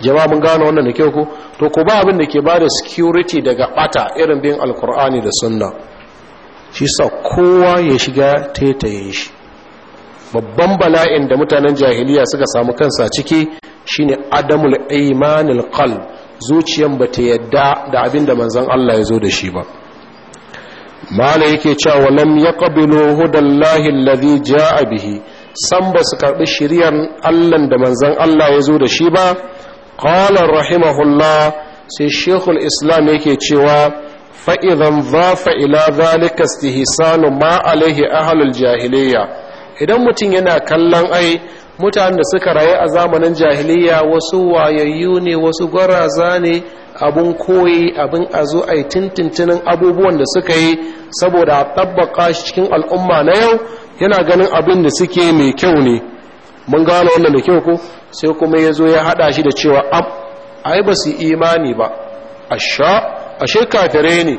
Speaker 1: jama'a mun gano wannan da kyau ku, to ku ba abin da ke ba da security daga bata irin bin alkur'ani da sunna shi sa kowa ya shiga taitaye shi babban bala'in da mutanen jahiliya suka samu kansa ciki shine adamul imanil qalb zuciyan ba ta yadda da abin da manzon Allah ya zo da shi ba mala yake cewa lam yaqbilu hudallahi alladhi jaa bihi san ba su karbi shiriyar Allah da manzon Allah ya zo da shi ba رحمه الله sai shekul islam yake cewa fa'izan zafa ila ذلك استهسان ma alaihi ahlul jahiliya idan mutum yana kallon ai mutanen da suka rayu a zamanin jahiliya wasu wayayyu ne wasu gwaraza ne abin koyi abin a zo a tintintinin abubuwan da suka yi saboda a tabbaka shi cikin al'umma na yau yana ganin abin da suke mai kyau ne mun gano wannan da kyau ko sai kuma ya zo ya haɗa shi da cewa am ai ba su imani ba ashe kafirai ne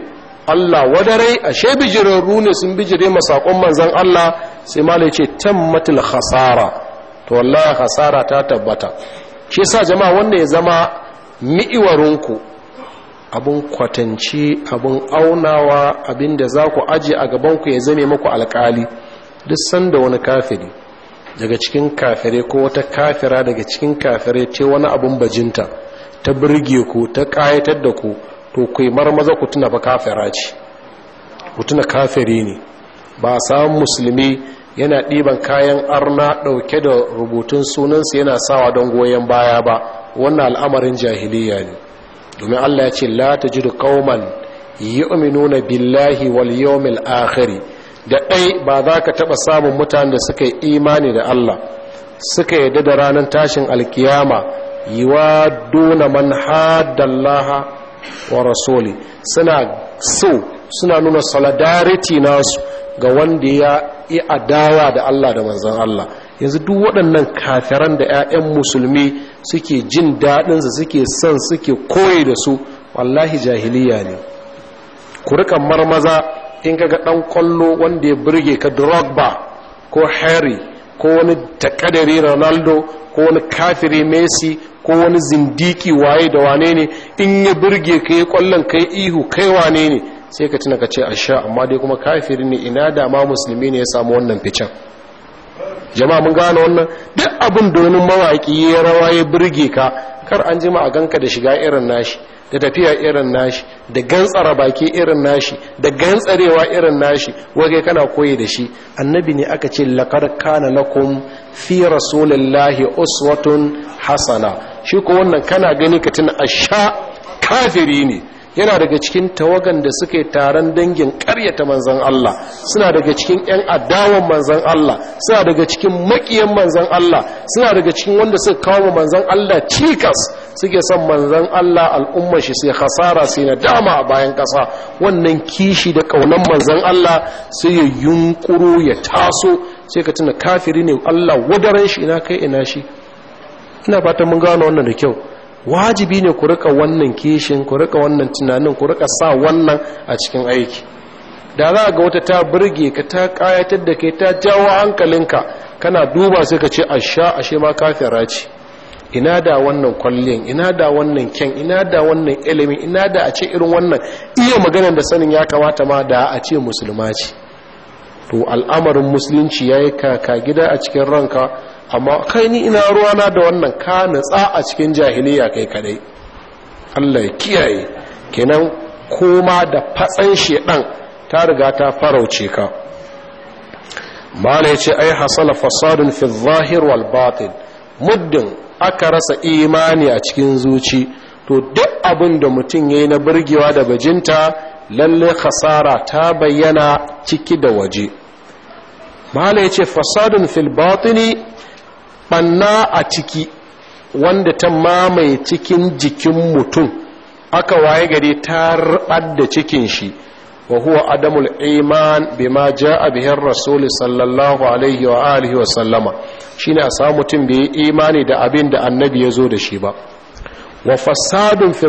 Speaker 1: Allah wadarai ashe bijirarru ne sun bijire masakon manzan Allah sai ma ce tammatul khasara to wallahi khasara ta tabbata shi sa jama'a wanda ya zama ku abin kwatanci abin aunawa abin da za ku aje a gabanku ya zame muku alkali duk sanda wani kafiri daga cikin kafirai ko wata kafira daga cikin kafirai ce wani abun bajinta ta birge ku ta kayatar da ku to ku marmaza ku tuna fa kafira ce ku tuna kafiri ne ba a samun musulmi yana ɗiban kayan arna ɗauke da rubutun sunansa yana sawa don goyon baya ba wannan al'amarin jahiliya ne domin allah ya ce la ta jiru kauman yi billahi wal yawmil akhiri da ɗai ba za ka taɓa samun mutane da suka yi imani da Allah suka yi da ranar tashin alkiyama yi wa duna man haddallaha wa rasoli suna so suna nuna solidarity nasu ga wanda ya yi adawa da Allah da manzan Allah yanzu duk waɗannan kafiran da 'ya'yan musulmi suke jin daɗinsa suke son suke koyi da su wallahi jahiliya ne ku rika marmaza in ga dan kwallo wanda ya burge ka drogba ko harry ko wani takadari ronaldo ko wani kafiri messi ko wani zindiki waye da wane ne in ya burge ka yi kwallon kai ihu kai wane ne sai ka tuna ka ce a sha amma dai kuma kafiri ne ina da ma musulmi ne ya samu wannan ficen
Speaker 2: jama'a mun gane wannan
Speaker 1: duk abin domin mawaƙi ya rawa ya burge ka kar an jima a ganka da shiga irin nashi da tafiya irin nashi da gantsara baki irin nashi da gantsarewa irin nashi wage kana koyi da shi annabi ne aka ce laqad kana lakum fi rasulillahi uswatun hasana shi ko wannan kana gani ka tuna asha kafiri ne yana daga cikin tawagan da suke taron dangin ƙaryata manzan Allah suna daga cikin ƴan adawan manzan Allah suna daga cikin makiyan manzan Allah suna daga cikin wanda suka kawo manzan Allah cikas suke son manzan Allah al'ummar shi sai hasara sai na dama a bayan kasa. wannan kishi da ƙaunar manzan Allah sai ya yunkuro ya taso sai ka tuna kafiri ne Allah wadaran shi ina kai ina shi ina fatan mun gano wannan da kyau wajibi ne ku rika wannan kishin ku rika wannan tunanin ku rika sa wannan a cikin aiki da za ga wata ta birge ka ta kayatar da kai ta jawo hankalinka kana duba sai ka ce asha ashe ma kafira ce ina da wannan kwalliyan ina da wannan kyan ina da wannan ilimin ina da a ce irin wannan iya maganar da sanin ya kamata ma da a ce musulma ce to al'amarin musulunci ya yi kaka gida a cikin ranka amma kai ni ina ruwana da wannan ka natsa a cikin jahiliya kai kadai allah ya kiyaye kenan koma da fatsan shedan ta riga ta farauce ka mala ya ce ai hasala fasadun fi zahir wal batin muddin aka rasa imani a cikin zuci to duk abin da mutum ya yi na burgewa da bajinta lalle khasara ta bayyana ciki da waje mahala ya ce fasadun filbatini ɓanna a ciki wanda ta mamaye cikin jikin mutum aka waye gari ta rabar da cikin shi wa huwa adamul iman bima ja'a bihi rasul sallallahu alaihi wa alihi wa sallama shine a samu mutum bai yi imani da abin da annabi ya zo da shi ba wa fasadun fi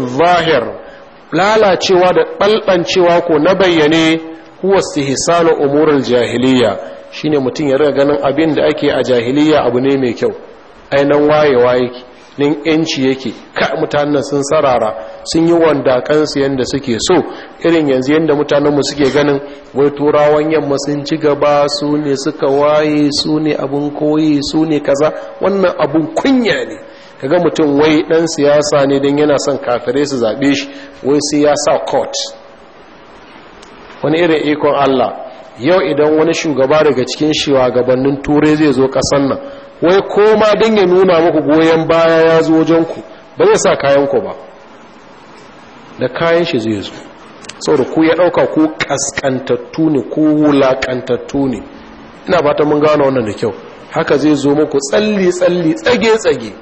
Speaker 1: lalacewa da balbancewa ko na bayyane huwa istihsanu umurul jahiliya shine mutum ya riga ganin abin da ake a jahiliya abu ne mai kyau ainan wayewa yake nin yanci yake ka mutanen sun sarara sun yi wanda kansu yadda suke so irin yanzu yadda mutanenmu suke ganin wai turawan yamma sun ci gaba su ne suka waye su ne abin koyi su ne kaza wannan abun kunya ne kaga mutum wai dan siyasa ne don yana son kafirai su zaɓe shi wai sai ya sa court wani irin ikon allah yau idan wani shugaba daga cikin shugabannin turai zai zo ƙasan nan wai koma don ya nuna muku goyon baya ya zo wajenku ba zai sa kayanku ba da kayan shi zai zo saboda ku ya ɗauka ku ƙasƙantattu ne ku wulaƙantattu ne ina ba ta mun gano wannan da kyau haka zai zo muku tsalli-tsalli tsage-tsage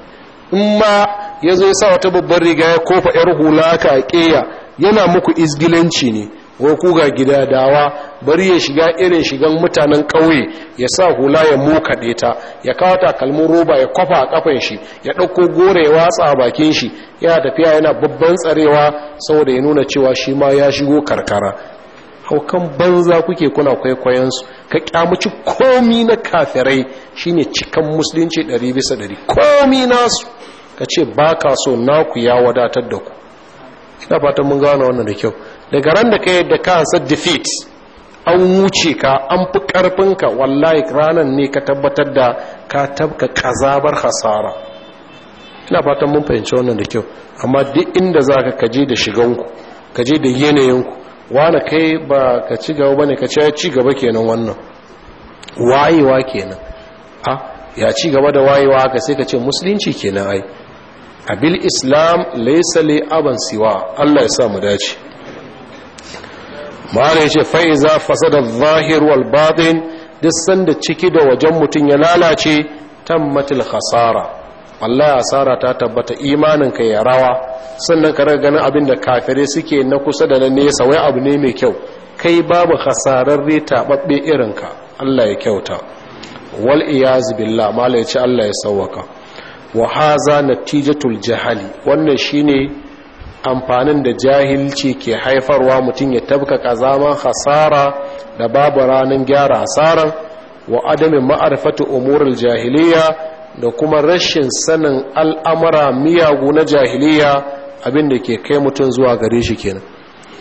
Speaker 1: in ma ya zo sa wata babbar riga ya kofa 'yar hula ka a ƙeya yana muku izgilanci ne ko kuga gida dawa bari ya shiga irin shigan mutanen ƙauye ya sa hula ya mokaɗe ta ya kawo takalmin roba ya kwafa a kafan shi ya ɗauko gore ya watsa a bakin shi yana tafiya yana babban tsarewa saboda ya nuna cewa shi ma ya shigo karkara haukan banza kuke kuna su ka kyamuci komi na kafirai shine cikan musulunci ɗari bisa ɗari komi nasu ka ce ba ka so naku ya wadatar da ku ina fatan mun gane wannan da kyau daga ran da ka yadda ka ansa defeat an wuce ka an fi karfinka wallahi ranar ne ka tabbatar da ka tabka kazabar hasara ina fatan mun fahimci wannan da kyau amma duk inda za ka kaje da shiganku kaje da yanayinku wane kai ba ka ci gaba bane ka ce ya ci gaba kenan wannan wayewa kenan a ya ci gaba da wayewa haka sai ka ce musulunci kenan ai abil islam laysa li aban siwa Allah ya sa mu dace mara ya ce fa'iza fasada zahir wal batin duk sanda ciki da wajen mutum ya lalace tammatil hasara Allah asara ta tabbata imaninka ya rawa sannan ka raga ganin abin da kafirai suke na kusa da na nesa wai abu ne mai kyau kai babu khasararre taɓaɓɓe irinka Allah ya kyauta wal iyazu billah mala ya ce Allah ya sauwaka wa haza natijatul jahali wannan shine amfanin da jahilci ke haifarwa mutum ya tabka kazaman hasara da babu ranar gyara hasaran wa adamin ma'arfata umurul jahiliya da kuma rashin sanin al'amura miyagu na jahiliya abinda ke kai mutum zuwa gare shi kenan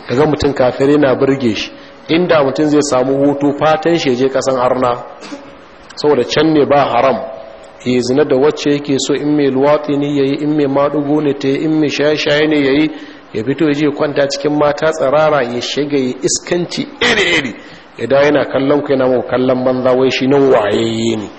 Speaker 1: daga mutum kafiri na birge shi inda mutum zai samu hutu fatan shi je kasan harna saboda can ne ba haram ya zina da wacce yake so in mai luwatsi ne ya yi in mai madugo ne ta in mai shaye-shaye ne yi ya fito ya je kwanta cikin mata tsarara ya shiga ya iskanci iri-iri ya da yana kallon ku yana mu kallon banza wai shi nan wayayye ne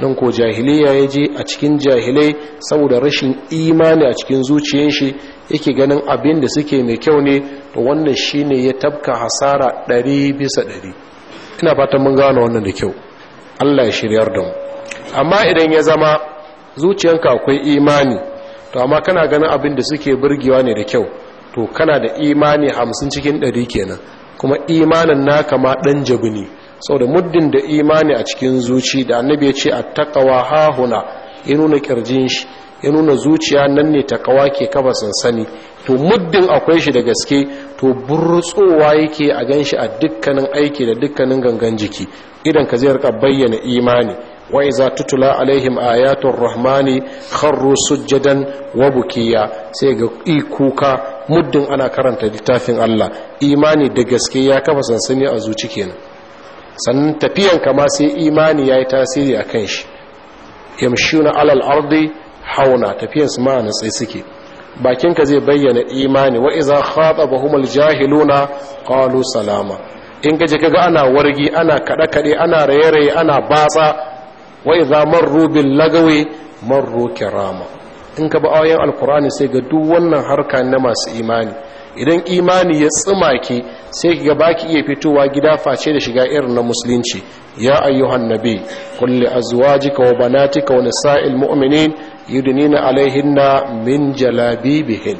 Speaker 1: don ko jahiliya ya je a cikin jahilai saboda rashin imani a cikin zuciyar shi yake ganin abin da suke mai kyau ne to wannan shine ya tabka hasara ɗari bisa ɗari ina fatan mun gano wannan da kyau Allah ya shiryar da mu amma idan ya zama zuciyanka akwai imani to amma kana ganin abin da suke burgewa ne da kyau to kana da imani hamsin cikin ɗari kenan kuma imanin naka ma ɗan jabi ne saboda muddin da imani a cikin zuci da annabi ya ce a takawa hahuna ya nuna kirjin shi ya nuna zuciya nan ne takawa ke kafa sansani to muddin akwai shi da gaske to burtsowa yake a gan shi a dukkanin aiki da dukkanin gangan jiki idan ka zai rika bayyana imani Wa'iza iza tutula alaihim ayatul rahmani kharru sujjadan wa sai ga kuka muddin ana karanta littafin Allah imani da gaske ya kafa sansani a zuci kenan sannan tafiyan kama sai imani yayi tasiri akan shi yamshuna alal ardi hauna tafiyan su ma sai suke bakinka zai bayyana imani wa iza khatabahumul jahiluna qalu salama in gaje kaga ana wargi ana kada kade ana raye-raye ana batsa wa idza marru bil lagawi marru kirama in ka ba ayoyin alkur'ani sai ga duk wannan harka na masu imani idan imani ya ki sai ga baki iya fitowa gida face da shiga irin na musulunci ya ayyuhan nabi kulli azwajika wa banatika wa nisa'il mu'minin yudnina alaihinna min jalabibihin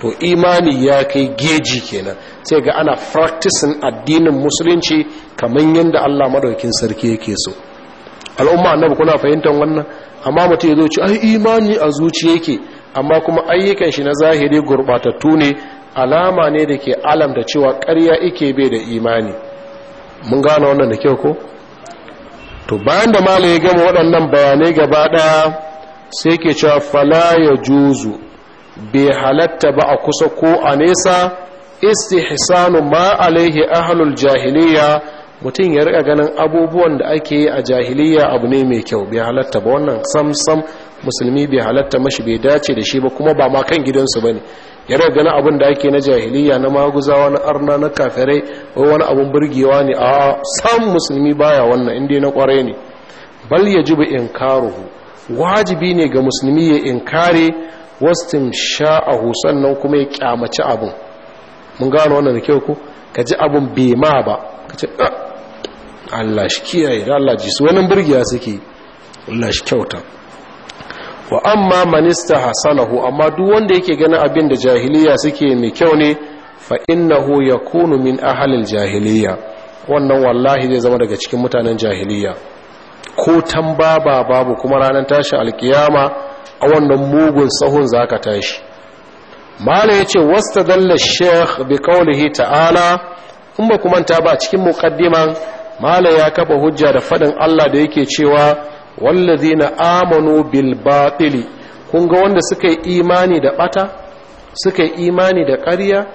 Speaker 1: to imani ya kai geji kenan sai ga ana practicing addinin musulunci kaman yadda Allah madaukin sarki yake so al'umma annabi kuna fahimtar wannan amma mutum ya zo ci ai imani a zuci yake amma kuma ayyukan shi na zahiri gurbatattu ne alama ne da ke da cewa ƙarya ike bai da imani mun gane wannan da kyau ko to bayan da malam ya gama waɗannan bayanai gaba ɗaya sai ke cewa fala ya juzu bai halatta ba a kusa ko a nesa istihsanu ma alaihi ahlul jahiliya mutum ya rika ganin abubuwan da ake yi a jahiliya abu ne mai kyau bai halatta ba wannan samsam musulmi bai halatta mashi bai dace da shi ba kuma ba ma kan gidansu ba ne ya rika ganin abin da ake na jahiliya na maguzawa na arna na kafirai wai wani abun burgewa ne a sam musulmi baya wannan inda na kware ne bal ya ji in wajibi ne ga musulmi ya inkare wastin sha'ahu sannan kuma ya kyamaci abin mun gano wannan da kyau ko ka ji abin bai ma ba ka ah, Allah shi kiyaye da Allah ji su wani burgiya suke Allah shi kyauta wa amma manista hasalahu amma duk wanda yake ganin abin da jahiliya suke mai kyau ne fa innahu yakunu min ahlil jahiliya wannan wallahi zai zama daga cikin mutanen jahiliya ko tambaba babu kuma ranar tashi alkiyama a wannan mugun sahun zaka tashi mala yace wastadalla sheikh bi qawlihi ta'ala in kuma ta ba cikin muqaddiman mala ya kaba hujja da faɗin Allah da yake cewa wallazina amanu bil batili kun ga wanda suka yi imani da bata suka yi imani da ƙarya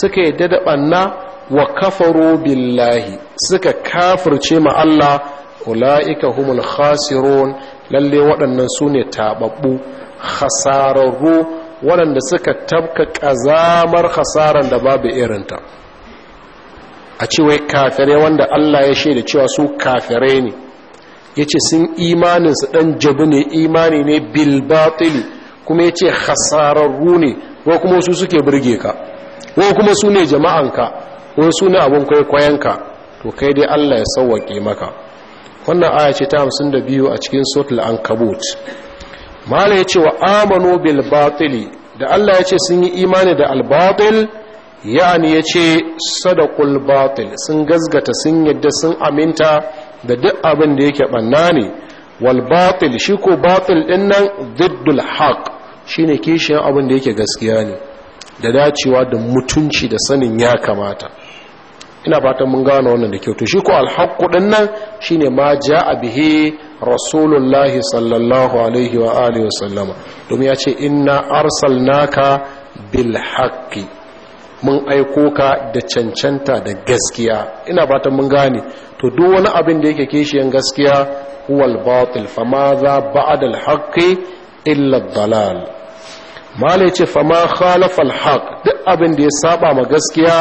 Speaker 1: suka yi da banna wa kafaru billahi suka kafirce ma Allah ula'ika humul khasirun lalle waɗannan su ne taɓaɓɓu khasararru waɗanda suka tabka ƙazamar khasaran da babu irinta a ce wai kafirai wanda Allah ya shaida cewa su kafirai ne ya ce sun imaninsu ɗan jabu ne imani ne bilbatili kuma ya ce hasararru ne ko kuma su suke birge ka ko kuma su ne jama'anka ko su ne abin kwaikwayonka to kai dai Allah ya sauwaƙe maka wannan aya ce ta hamsin da biyu a cikin sotul an kabot mala ya ce wa amano bilbatili da Allah ya ce sun yi imani da albatil Yani ya ce sadakul batil sun gazgata sun yadda sun aminta da duk abin da yake banna ne wal batil shi ko batil din nan ziddul haq shine kishiyan abin da yake gaskiya ne da dacewa da mutunci da sanin ya kamata ina fatan mun gano wannan da kyau to shi ko alhaku din nan shine ma ja'a bihi rasulullah sallallahu alaihi wa alihi wa sallama domin ya ce inna arsalnaka bil haqqi mun aiko ka da cancanta da gaskiya ina fatan mun gane to duk wani abin da yake kishiyan gaskiya huwal batil fama za ba'ad al haqqi illa dalal mala ce fama khalafa al haqq duk abin da ya saba ma gaskiya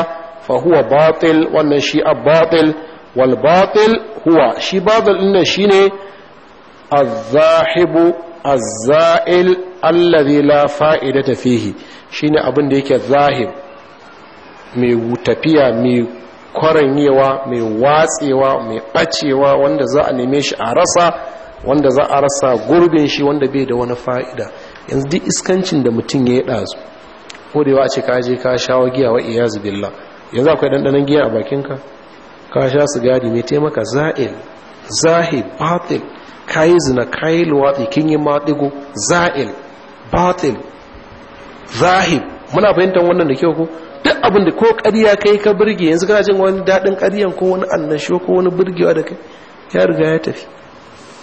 Speaker 1: fa huwa batil wannan shi a batil wal batil huwa shi batil din shine az-zahibu az-za'il alladhi la fa'idata fihi shine abin da yake zahib mai tafiya mai kwaranyewa mai watsewa mai ɓacewa wanda za a neme shi a rasa wanda za a rasa gurbin shi wanda bai da wani fa'ida yanzu duk iskancin da mutum ya yi ɗazu ko da yawa a ce ka je ka sha giya wa iya zubilla yanzu akwai ɗanɗanon giya a bakinka ka sha sigari mai taimaka za'il zahi batil ka yi zina ka yi luwaɗi kin yi maɗigo za'il batil zahib muna fahimtar wannan da kyau ko duk abin da ko ƙarya kai ka birge yanzu kana jin wani daɗin ƙaryan ko wani annashuwa ko wani birgewa da kai ya riga ya tafi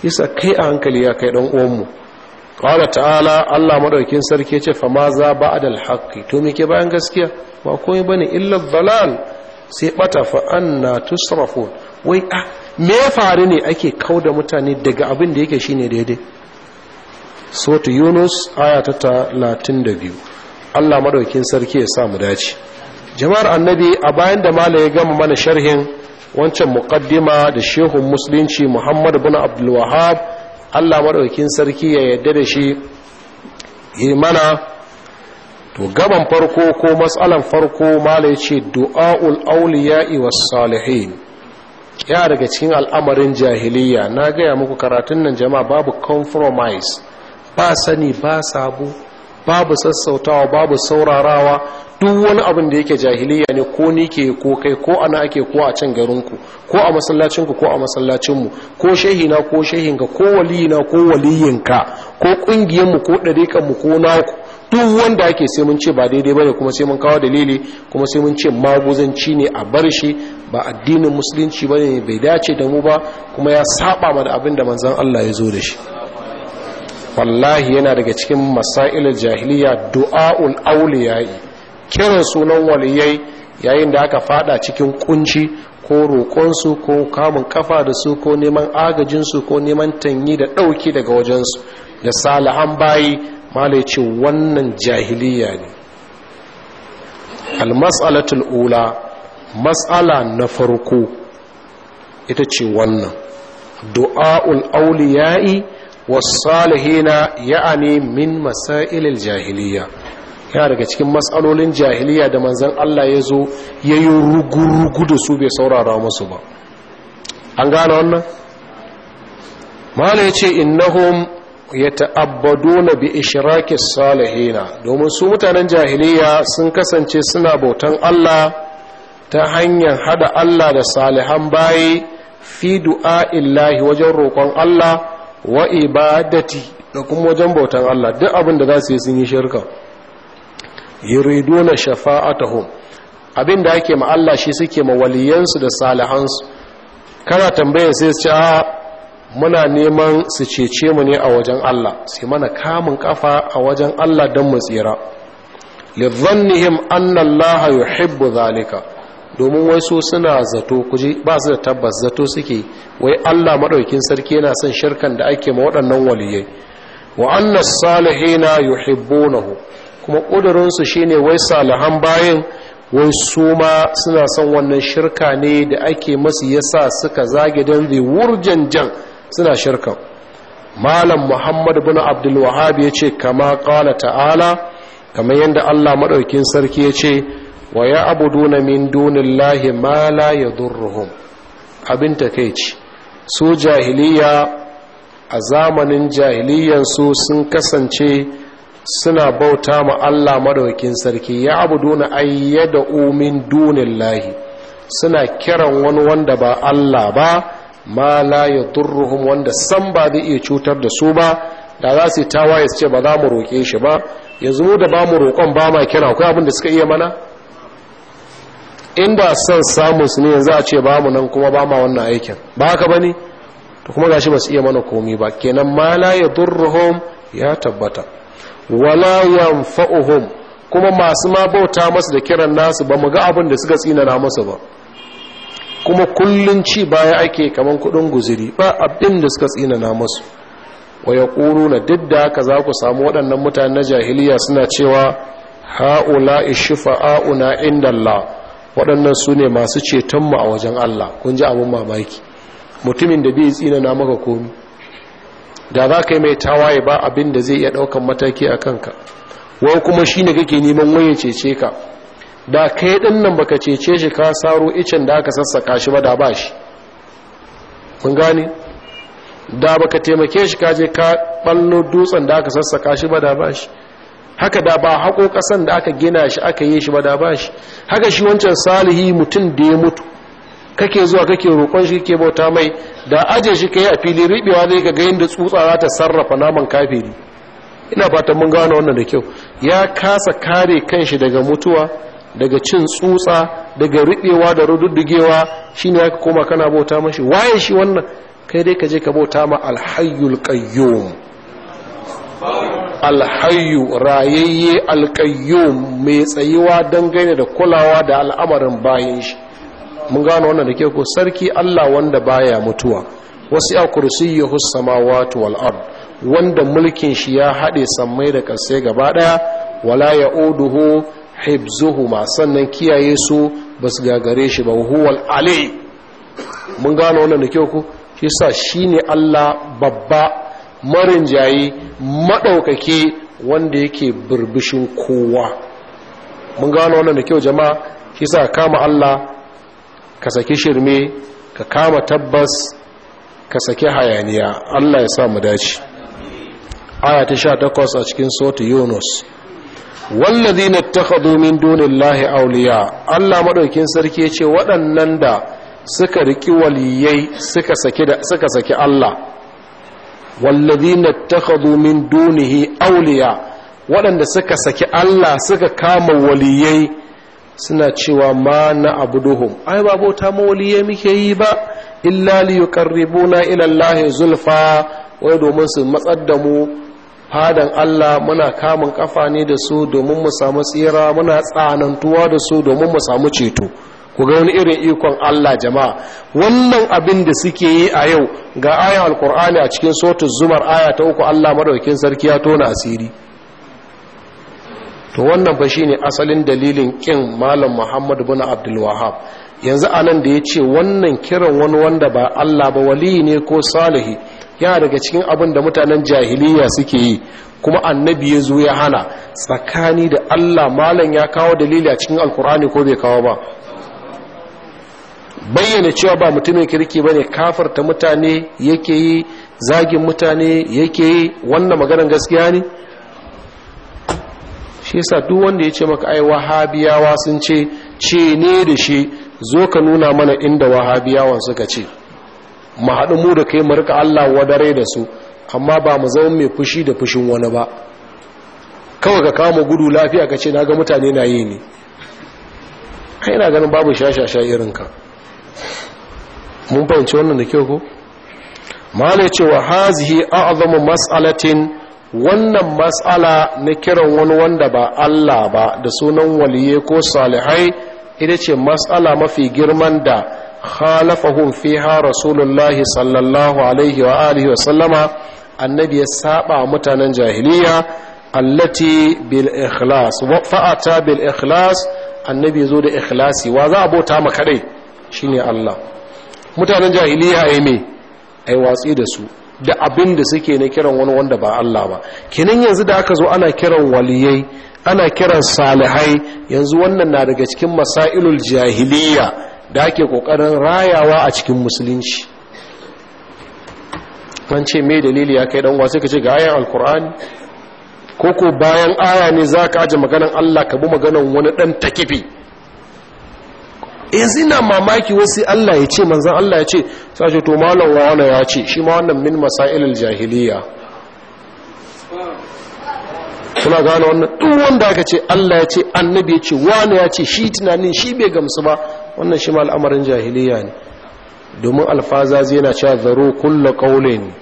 Speaker 1: yasa kai a hankali ya kai ɗan uwanmu ƙwada ta'ala allah maɗaukin sarki ce fa ma za ba adal haƙƙi to me ke bayan gaskiya ba komai ba ne illa dalal sai ɓata fa an na tusrafun wai a ah, me ya faru ne ake kau da mutane daga abin da yake shine daidai sotu yunus aya ta talatin da biyu allah maɗaukin sarki ya sa mu dace jama'ar annabi a bayan da mala ya gama mana sharhin wancan mukaddima da shehun musulunci muhammad bin abdulwahab allah maɗaukin sarki ya yadda da shi yi mana to gaban farko ko matsalan farko mala ya ce du'a'ul auliya'i was salihin ya daga cikin al'amarin jahiliya na gaya muku karatun nan jama'a babu compromise ba sani ba sabo babu sassautawa babu saurarawa duk wani abin da yake jahiliya ne ko ni ke ko kai ko ana ake ko a can garinku ko a masallacinku ko a masallacinmu ko shehina ko shehinka ko waliyina ko waliyinka ko ƙungiyarmu ko ɗariƙanmu ko naku duk wanda ake sai mun ce ba daidai bane kuma sai mun kawo dalili kuma sai mun ce maguzanci ne a bar shi ba addinin musulunci bane bai dace da mu ba kuma ya saba mana abin da manzon Allah ya zo da shi wallahi yana daga cikin masailar jahiliya du'a'ul auliyai kiran sunan waliyai yayin da aka fada cikin kunci ko roƙonsu ko kamun kafa da su ko neman agajinsu ko neman tanyi da ɗauki daga wajensu da salihan bayi malai ce wannan jahiliya ne al almas'alatul ula mas'ala na farko ita ce wannan du'a'ul auliyai wasalihina ya'ani min masailil jahiliya yana daga cikin matsalolin jahiliya da manzon Allah ya zo ya yi rugu-rugu da su bai saurara musu ba an gane wannan mala ya ce innahum ya ta'abbado na bi ishiraki salihina domin su mutanen jahiliya sun kasance suna bautan Allah ta hanyar hada Allah da salihan bayi fi du'a illahi wajen roƙon Allah wa ibadati da kuma wajen bautan Allah duk abin da za su yi sun yi shirka yuriduna shafa'atuhum abin da ake ma Allah shi suke ma waliyansu da salihansu kana tambaya sai su ce a muna neman su cece mu ne a wajen Allah sai mana kamun kafa a wajen Allah don mu tsira lidhannihim anna Allah yuhibbu zalika domin wai su suna zato kuje ba su da tabbas zato suke wai Allah maɗaukin sarki yana son shirkan da ake ma waɗannan waliyai wa anna salihina yuhibbunahu kuma kudurin su shine wai salihan bayin wai su ma suna son wannan shirka ne da ake masu yasa suka zage dan zai wurjan jan suna shirkan malam muhammad bin abdul wahhab yace kama qala ta'ala kamar yadda Allah maɗaukin sarki yace wa ya abuduna min lahi ma la abin takaici su jahiliya a zamanin jahiliyansu sun kasance suna bauta ma Allah madaukin sarki ya abuduna umin dunin lahi suna kiran wani wanda ba Allah ba ma la yadurruhum wanda san ba zai iya cutar da su ba da za su yi tawaye su ce ba za mu roƙe shi ba yanzu da ba mu roƙon ba ma kira akwai abin da suka iya mana inda son samun su ne yanzu a ce ba mu nan kuma ba ma wannan aikin ba ka ba ne to kuma gashi ba su iya mana komi ba kenan ma la ya durruhum ya tabbata wala yanfa'uhum kuma masu ma bauta masu da kiran nasu ba mu ga abin da suka tsinana masu ba kuma kullun ci baya ake kaman kudin guziri ba abin da suka tsinana masu wa na duk da haka za ku samu waɗannan mutane na jahiliya suna cewa ha'ula ishfa'auna inda Allah waɗannan su ne masu cetonmu a wajen Allah kun ji abin mamaki mutumin da bai tsina na maka komi da za ka yi mai tawaye ba abin da zai iya ɗaukan mataki a kanka wai kuma shi ne kake neman waye cece ka da kai ɗin nan baka cece shi ka saro icen da aka sassaka shi ba da ba shi kun gane da baka taimake shi ka je ka ɓallo dutsen da aka sassaka shi ba da ba shi haka da ba haƙo ƙasan da aka gina shi aka yi shi ba da ba shi haka shi wancan salihi mutum da ya mutu kake zuwa kake roƙon shi kake bauta mai da aje shi ka yi a fili riɓewa zai ga yin da tsutsa za ta sarrafa naman kafiri ina fatan mun gano wannan da kyau ya kasa kare kanshi daga mutuwa daga cin tsutsa daga riɓewa da rududdugewa shine aka koma kana bauta mashi waye shi wannan kai dai ka je ka bauta ma alhayyul qayyum alhayu rayayye alƙayyum mai tsayuwa gaine da kulawa da al'amarin bayan shi mun gano wannan da ke ko sarki Allah wanda baya mutuwa wasu a kursiyyuhu samawati wal ard wanda mulkin shi ya haɗe sammai da ƙasai gaba ɗaya wala ya'uduhu hibzuhuma sannan kiyaye su basu gagare shi ba huwal ali mun gano wannan da ke ko shi sa shine Allah babba marin jayi maɗaukake wanda yake burbushin kowa mun gano wannan da kyau jama'a kisa sa kama Allah ka saki shirme ka kama tabbas ka saki hayaniya Allah ya sa mu dace aya ta 18 a cikin sura Yunus wallazina ittakhadhu min dunillahi awliya Allah madaukin sarki yace waɗannan da suka riki waliyai suka saki suka saki Allah wallazina takhadhu min dunihi awliya waɗanda suka saki Allah suka kama waliyai suna cewa ma na abuduhum ai ba bauta ma muke yi ba illa li yuqarribuna ila Allah zulfa wai domin su matsar da mu fadan Allah muna kamun kafa ne da su domin mu samu tsira muna tsanantuwa da su domin mu samu ceto ku ga wani irin ikon Allah jama'a wannan abin da suke yi a yau ga aya alkur'ani a cikin sotu zumar aya ta uku Allah madaukin sarki ya tona asiri to wannan shi shine asalin dalilin kin malam Muhammad bin Abdul yanzu anan da ya ce wannan kiran wani wanda ba Allah ba wali ne ko salihi yana daga cikin abin da mutanen jahiliya suke yi kuma annabi ya zo ya hana tsakani da Allah malam ya kawo dalili a cikin alkur'ani ko bai kawo ba bayyana cewa ba mutumin kirki bane kafarta mutane yake yi zagin mutane yake yi wannan maganar gaskiya ne shi yasa duk wanda ya ce maka ai wahabiyawa sun ce ce ne da shi zo ka nuna mana inda wahabiyawan suka ce mu haɗu mu da kai mu rika Allah wadare da su amma ba mu zama mai fushi da fushin wani ba kawai ka kama gudu lafiya ka ce na ga mutane na yi ne kai na ganin babu shashasha irinka mun fahimci wannan da kyau ko malai cewa hazihi a'zamu mas'alatin wannan mas'ala na kiran wani wanda ba Allah ba da sunan waliye ko salihai ita ce mas'ala mafi girman da khalafahum fiha rasulullahi sallallahu alaihi wa alihi wa sallama annabi ya saba mutanen jahiliya allati bil ikhlas wa fa'ata bil ikhlas annabi zo da ikhlasi wa za a bauta ma kadai ne Allah
Speaker 2: mutanen jahiliya yi
Speaker 1: a ai watsi da su da abin da suke na kiran wani wanda ba Allah ba Kinin yanzu da aka zo ana kiran waliyai ana kiran salihai yanzu wannan na daga cikin masailul jahiliya da ake kokarin rayawa a cikin musulunci an ce me dalili ya kai dan wasu ka ce ga ayan alkur'ani ko ko bayan aya ne za ka aje maganan Allah ka bi maganan wani dan takifi yanzu ina mamaki wasu Allah ya ce manzan Allah ya ce sashe to malam wani ya ce shi ma wannan min masailin jahiliya Suna gane wannan duk wanda aka ce Allah ya ce annabi ya ce wane ya ce shi tunanin shi bai gamsu ba wannan shi ma al'amarin jahiliya ne domin alfaza alfazazi yana cewa zaro kulla qaulin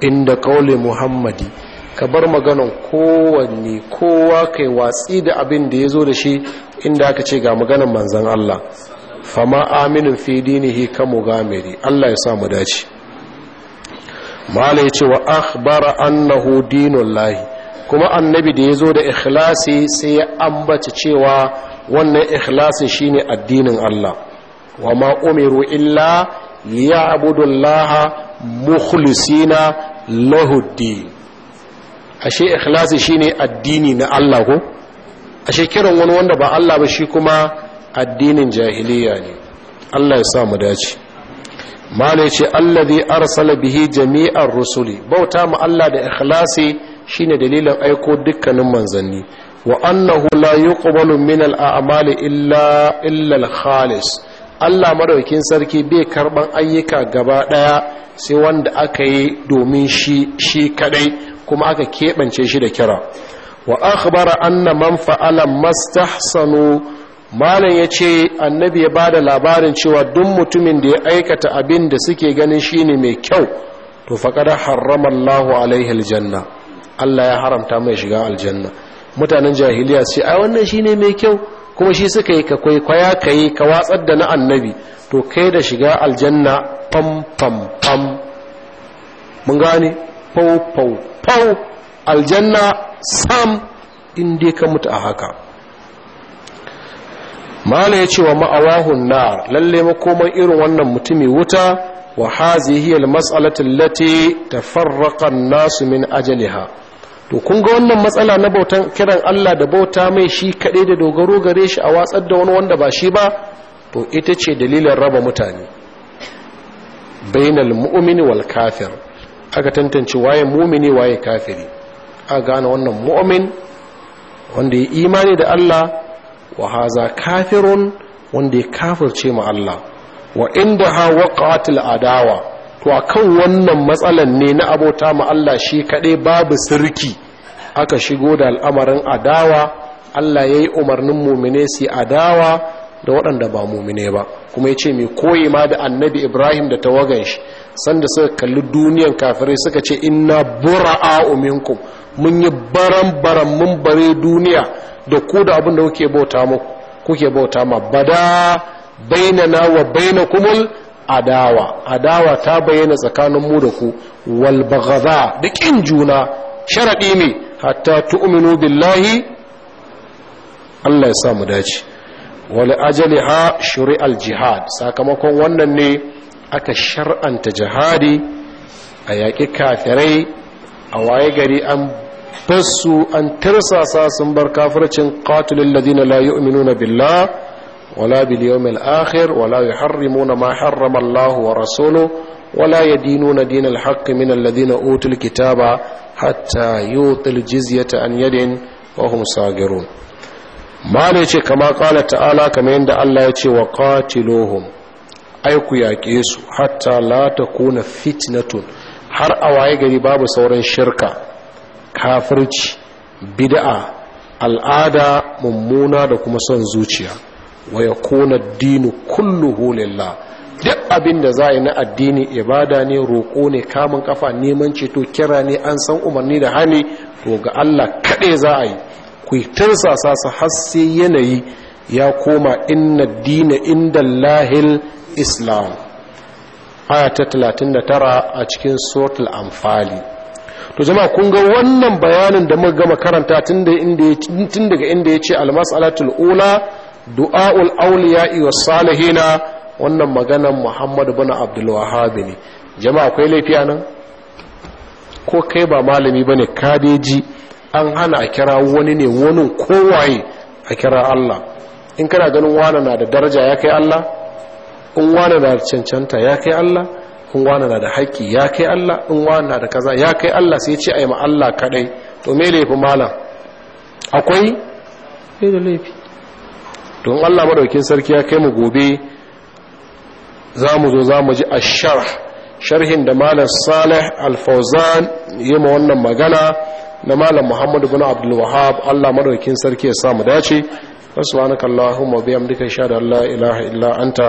Speaker 1: inda qauli muhammadi ka bar maganan kowanne kowa kai watsi da abin da ya zo da shi inda aka ce ga maganan manzan Allah fama aminin fi dinihi ka mugamiri Allah ya samu dace dace ya ce wa akhbara annahu lahi kuma annabi da yazo da ikhlasi sai ya ambata cewa wannan ikhlasin shine addinin Allah wa ma umiru illa liya'budullaha mukhlisina lahu ashe ikhlasi shine addini na Allah ko ashe kiran wani wanda ba Allah ba shi kuma addinin jahiliya ne Allah ya sa mu dace malai ce allazi arsala bihi jami'ar rusuli bauta mu Allah da ikhlasi shine dalilin aiko dukkanin manzanni wa annahu la yuqbalu min al-a'mali illa illa al-khalis Allah madaukin sarki bai karban ayyuka gaba daya sai wanda aka yi domin shi shi kadai kuma aka kebance shi da kira wa akhbara anna man fa'ala mastahsanu malam ya ce annabi ya ba da labarin cewa duk mutumin da ya aikata abin da suke ganin shine mai kyau to faƙada haramallahu alaihi aljanna allah ya haramta mai shiga aljanna mutanen jahiliya sai a wannan shine mai kyau kuma shi suka yi ka kwaikwaya ka yi ka watsar da na annabi to kai da shiga aljanna fam fam fam mun gane fau fau fau aljanna sam in dai ka mutu a haka mala ya ce wa ma'awahun na lalle makoman irin wannan mutumi wuta wa hiyar matsalatin lati ta nasu min ajaliha to kun ga wannan matsala na bautan kiran Allah da bauta mai shi kaɗai da dogaro gare shi a watsar da wani wanda ba shi ba to ita ce dalilin raba mutane bainal mu'mini wal kafir aka tantance waye mu'mini waye kafiri A gane wannan mu'min wanda ya imani da Allah wa haza kafirun wanda ya kafirce ma Allah wa inda ha waqatil adawa to akan wannan matsalan ne na abota ma Allah shi kaɗai babu sirki aka shigo da al'amarin adawa Allah yayi umarnin mumine su adawa da waɗanda ba mumine ba kuma yace ce mai koyi ma da annabi ibrahim da tawagan shi sanda suka kalli duniyan kafirai suka ce inna bura'a minkum mun yi baran baran mun bare duniya da ku da abin da kuke bauta kuke bauta ma bada bainana wa bainakumul adawa adawa ta bayyana tsakanin mu da ku wal baghdha da kin juna sharadi ne hatta tu'minu billahi Allah ya sa mu dace wal ajliha shuri'al jihad sakamakon wannan ne aka shar'anta jihadi a yaƙi kafirai a waye gari an fassu an tirsasa sun bar kafircin katulin ladina la yi uminuna billa wala bil yawmil akhir wala yuharrimuna ma harrama Allah wa rasulu wala yadinuna dinal haqq min alladhina utul kitaba hatta yutil jizyata an yadin wa hum sagirun
Speaker 2: malai ce kama kala ta'ala
Speaker 1: kamar yadda Allah ya ce wa qatiluhum ay ku yaqe hatta la na fitnatun har a waye gari babu sauran shirka kafirci bid'a al'ada mummuna da kuma son zuciya Waya ya kona dinu kulluhu lillah duk abin da za a yi na addini ibada ne roƙo ne kamun kafa neman ceto kira ne an san umarni da hani to ga Allah kaɗai za a yi ku sa su har sai yanayi ya koma inna dina inda lahil islam aya ta 39 a cikin suratul amfali to jama'a kun ga wannan bayanin da muka gama karanta tun daga inda ya ce almas'alatul ula du'a'ul auliya was salihina wannan maganan Muhammad bin Abdul Wahhab ne jama'a akwai laifi nan ko kai ba malami bane kabeji an hana a kira wani ne wani kowaye a kira Allah in kana ganin wani na da daraja ya kai Allah in wani na da cancanta ya kai Allah in wani na da haƙƙi ya kai Allah in wani na da kaza ya kai Allah sai ce ai ma Allah kadai to me laifi malam akwai sai da laifi don Allah madaukin sarki ya kai mu gobe za mu zo za mu ji sharh sharhin da malam salih alfauzan yi ma wannan magana na malam muhammadu bin abdul wahab Allah madaukin sarki ya sa mu dace wasu wani kallahu mabiyan duka sha da Allah ilaha illa anta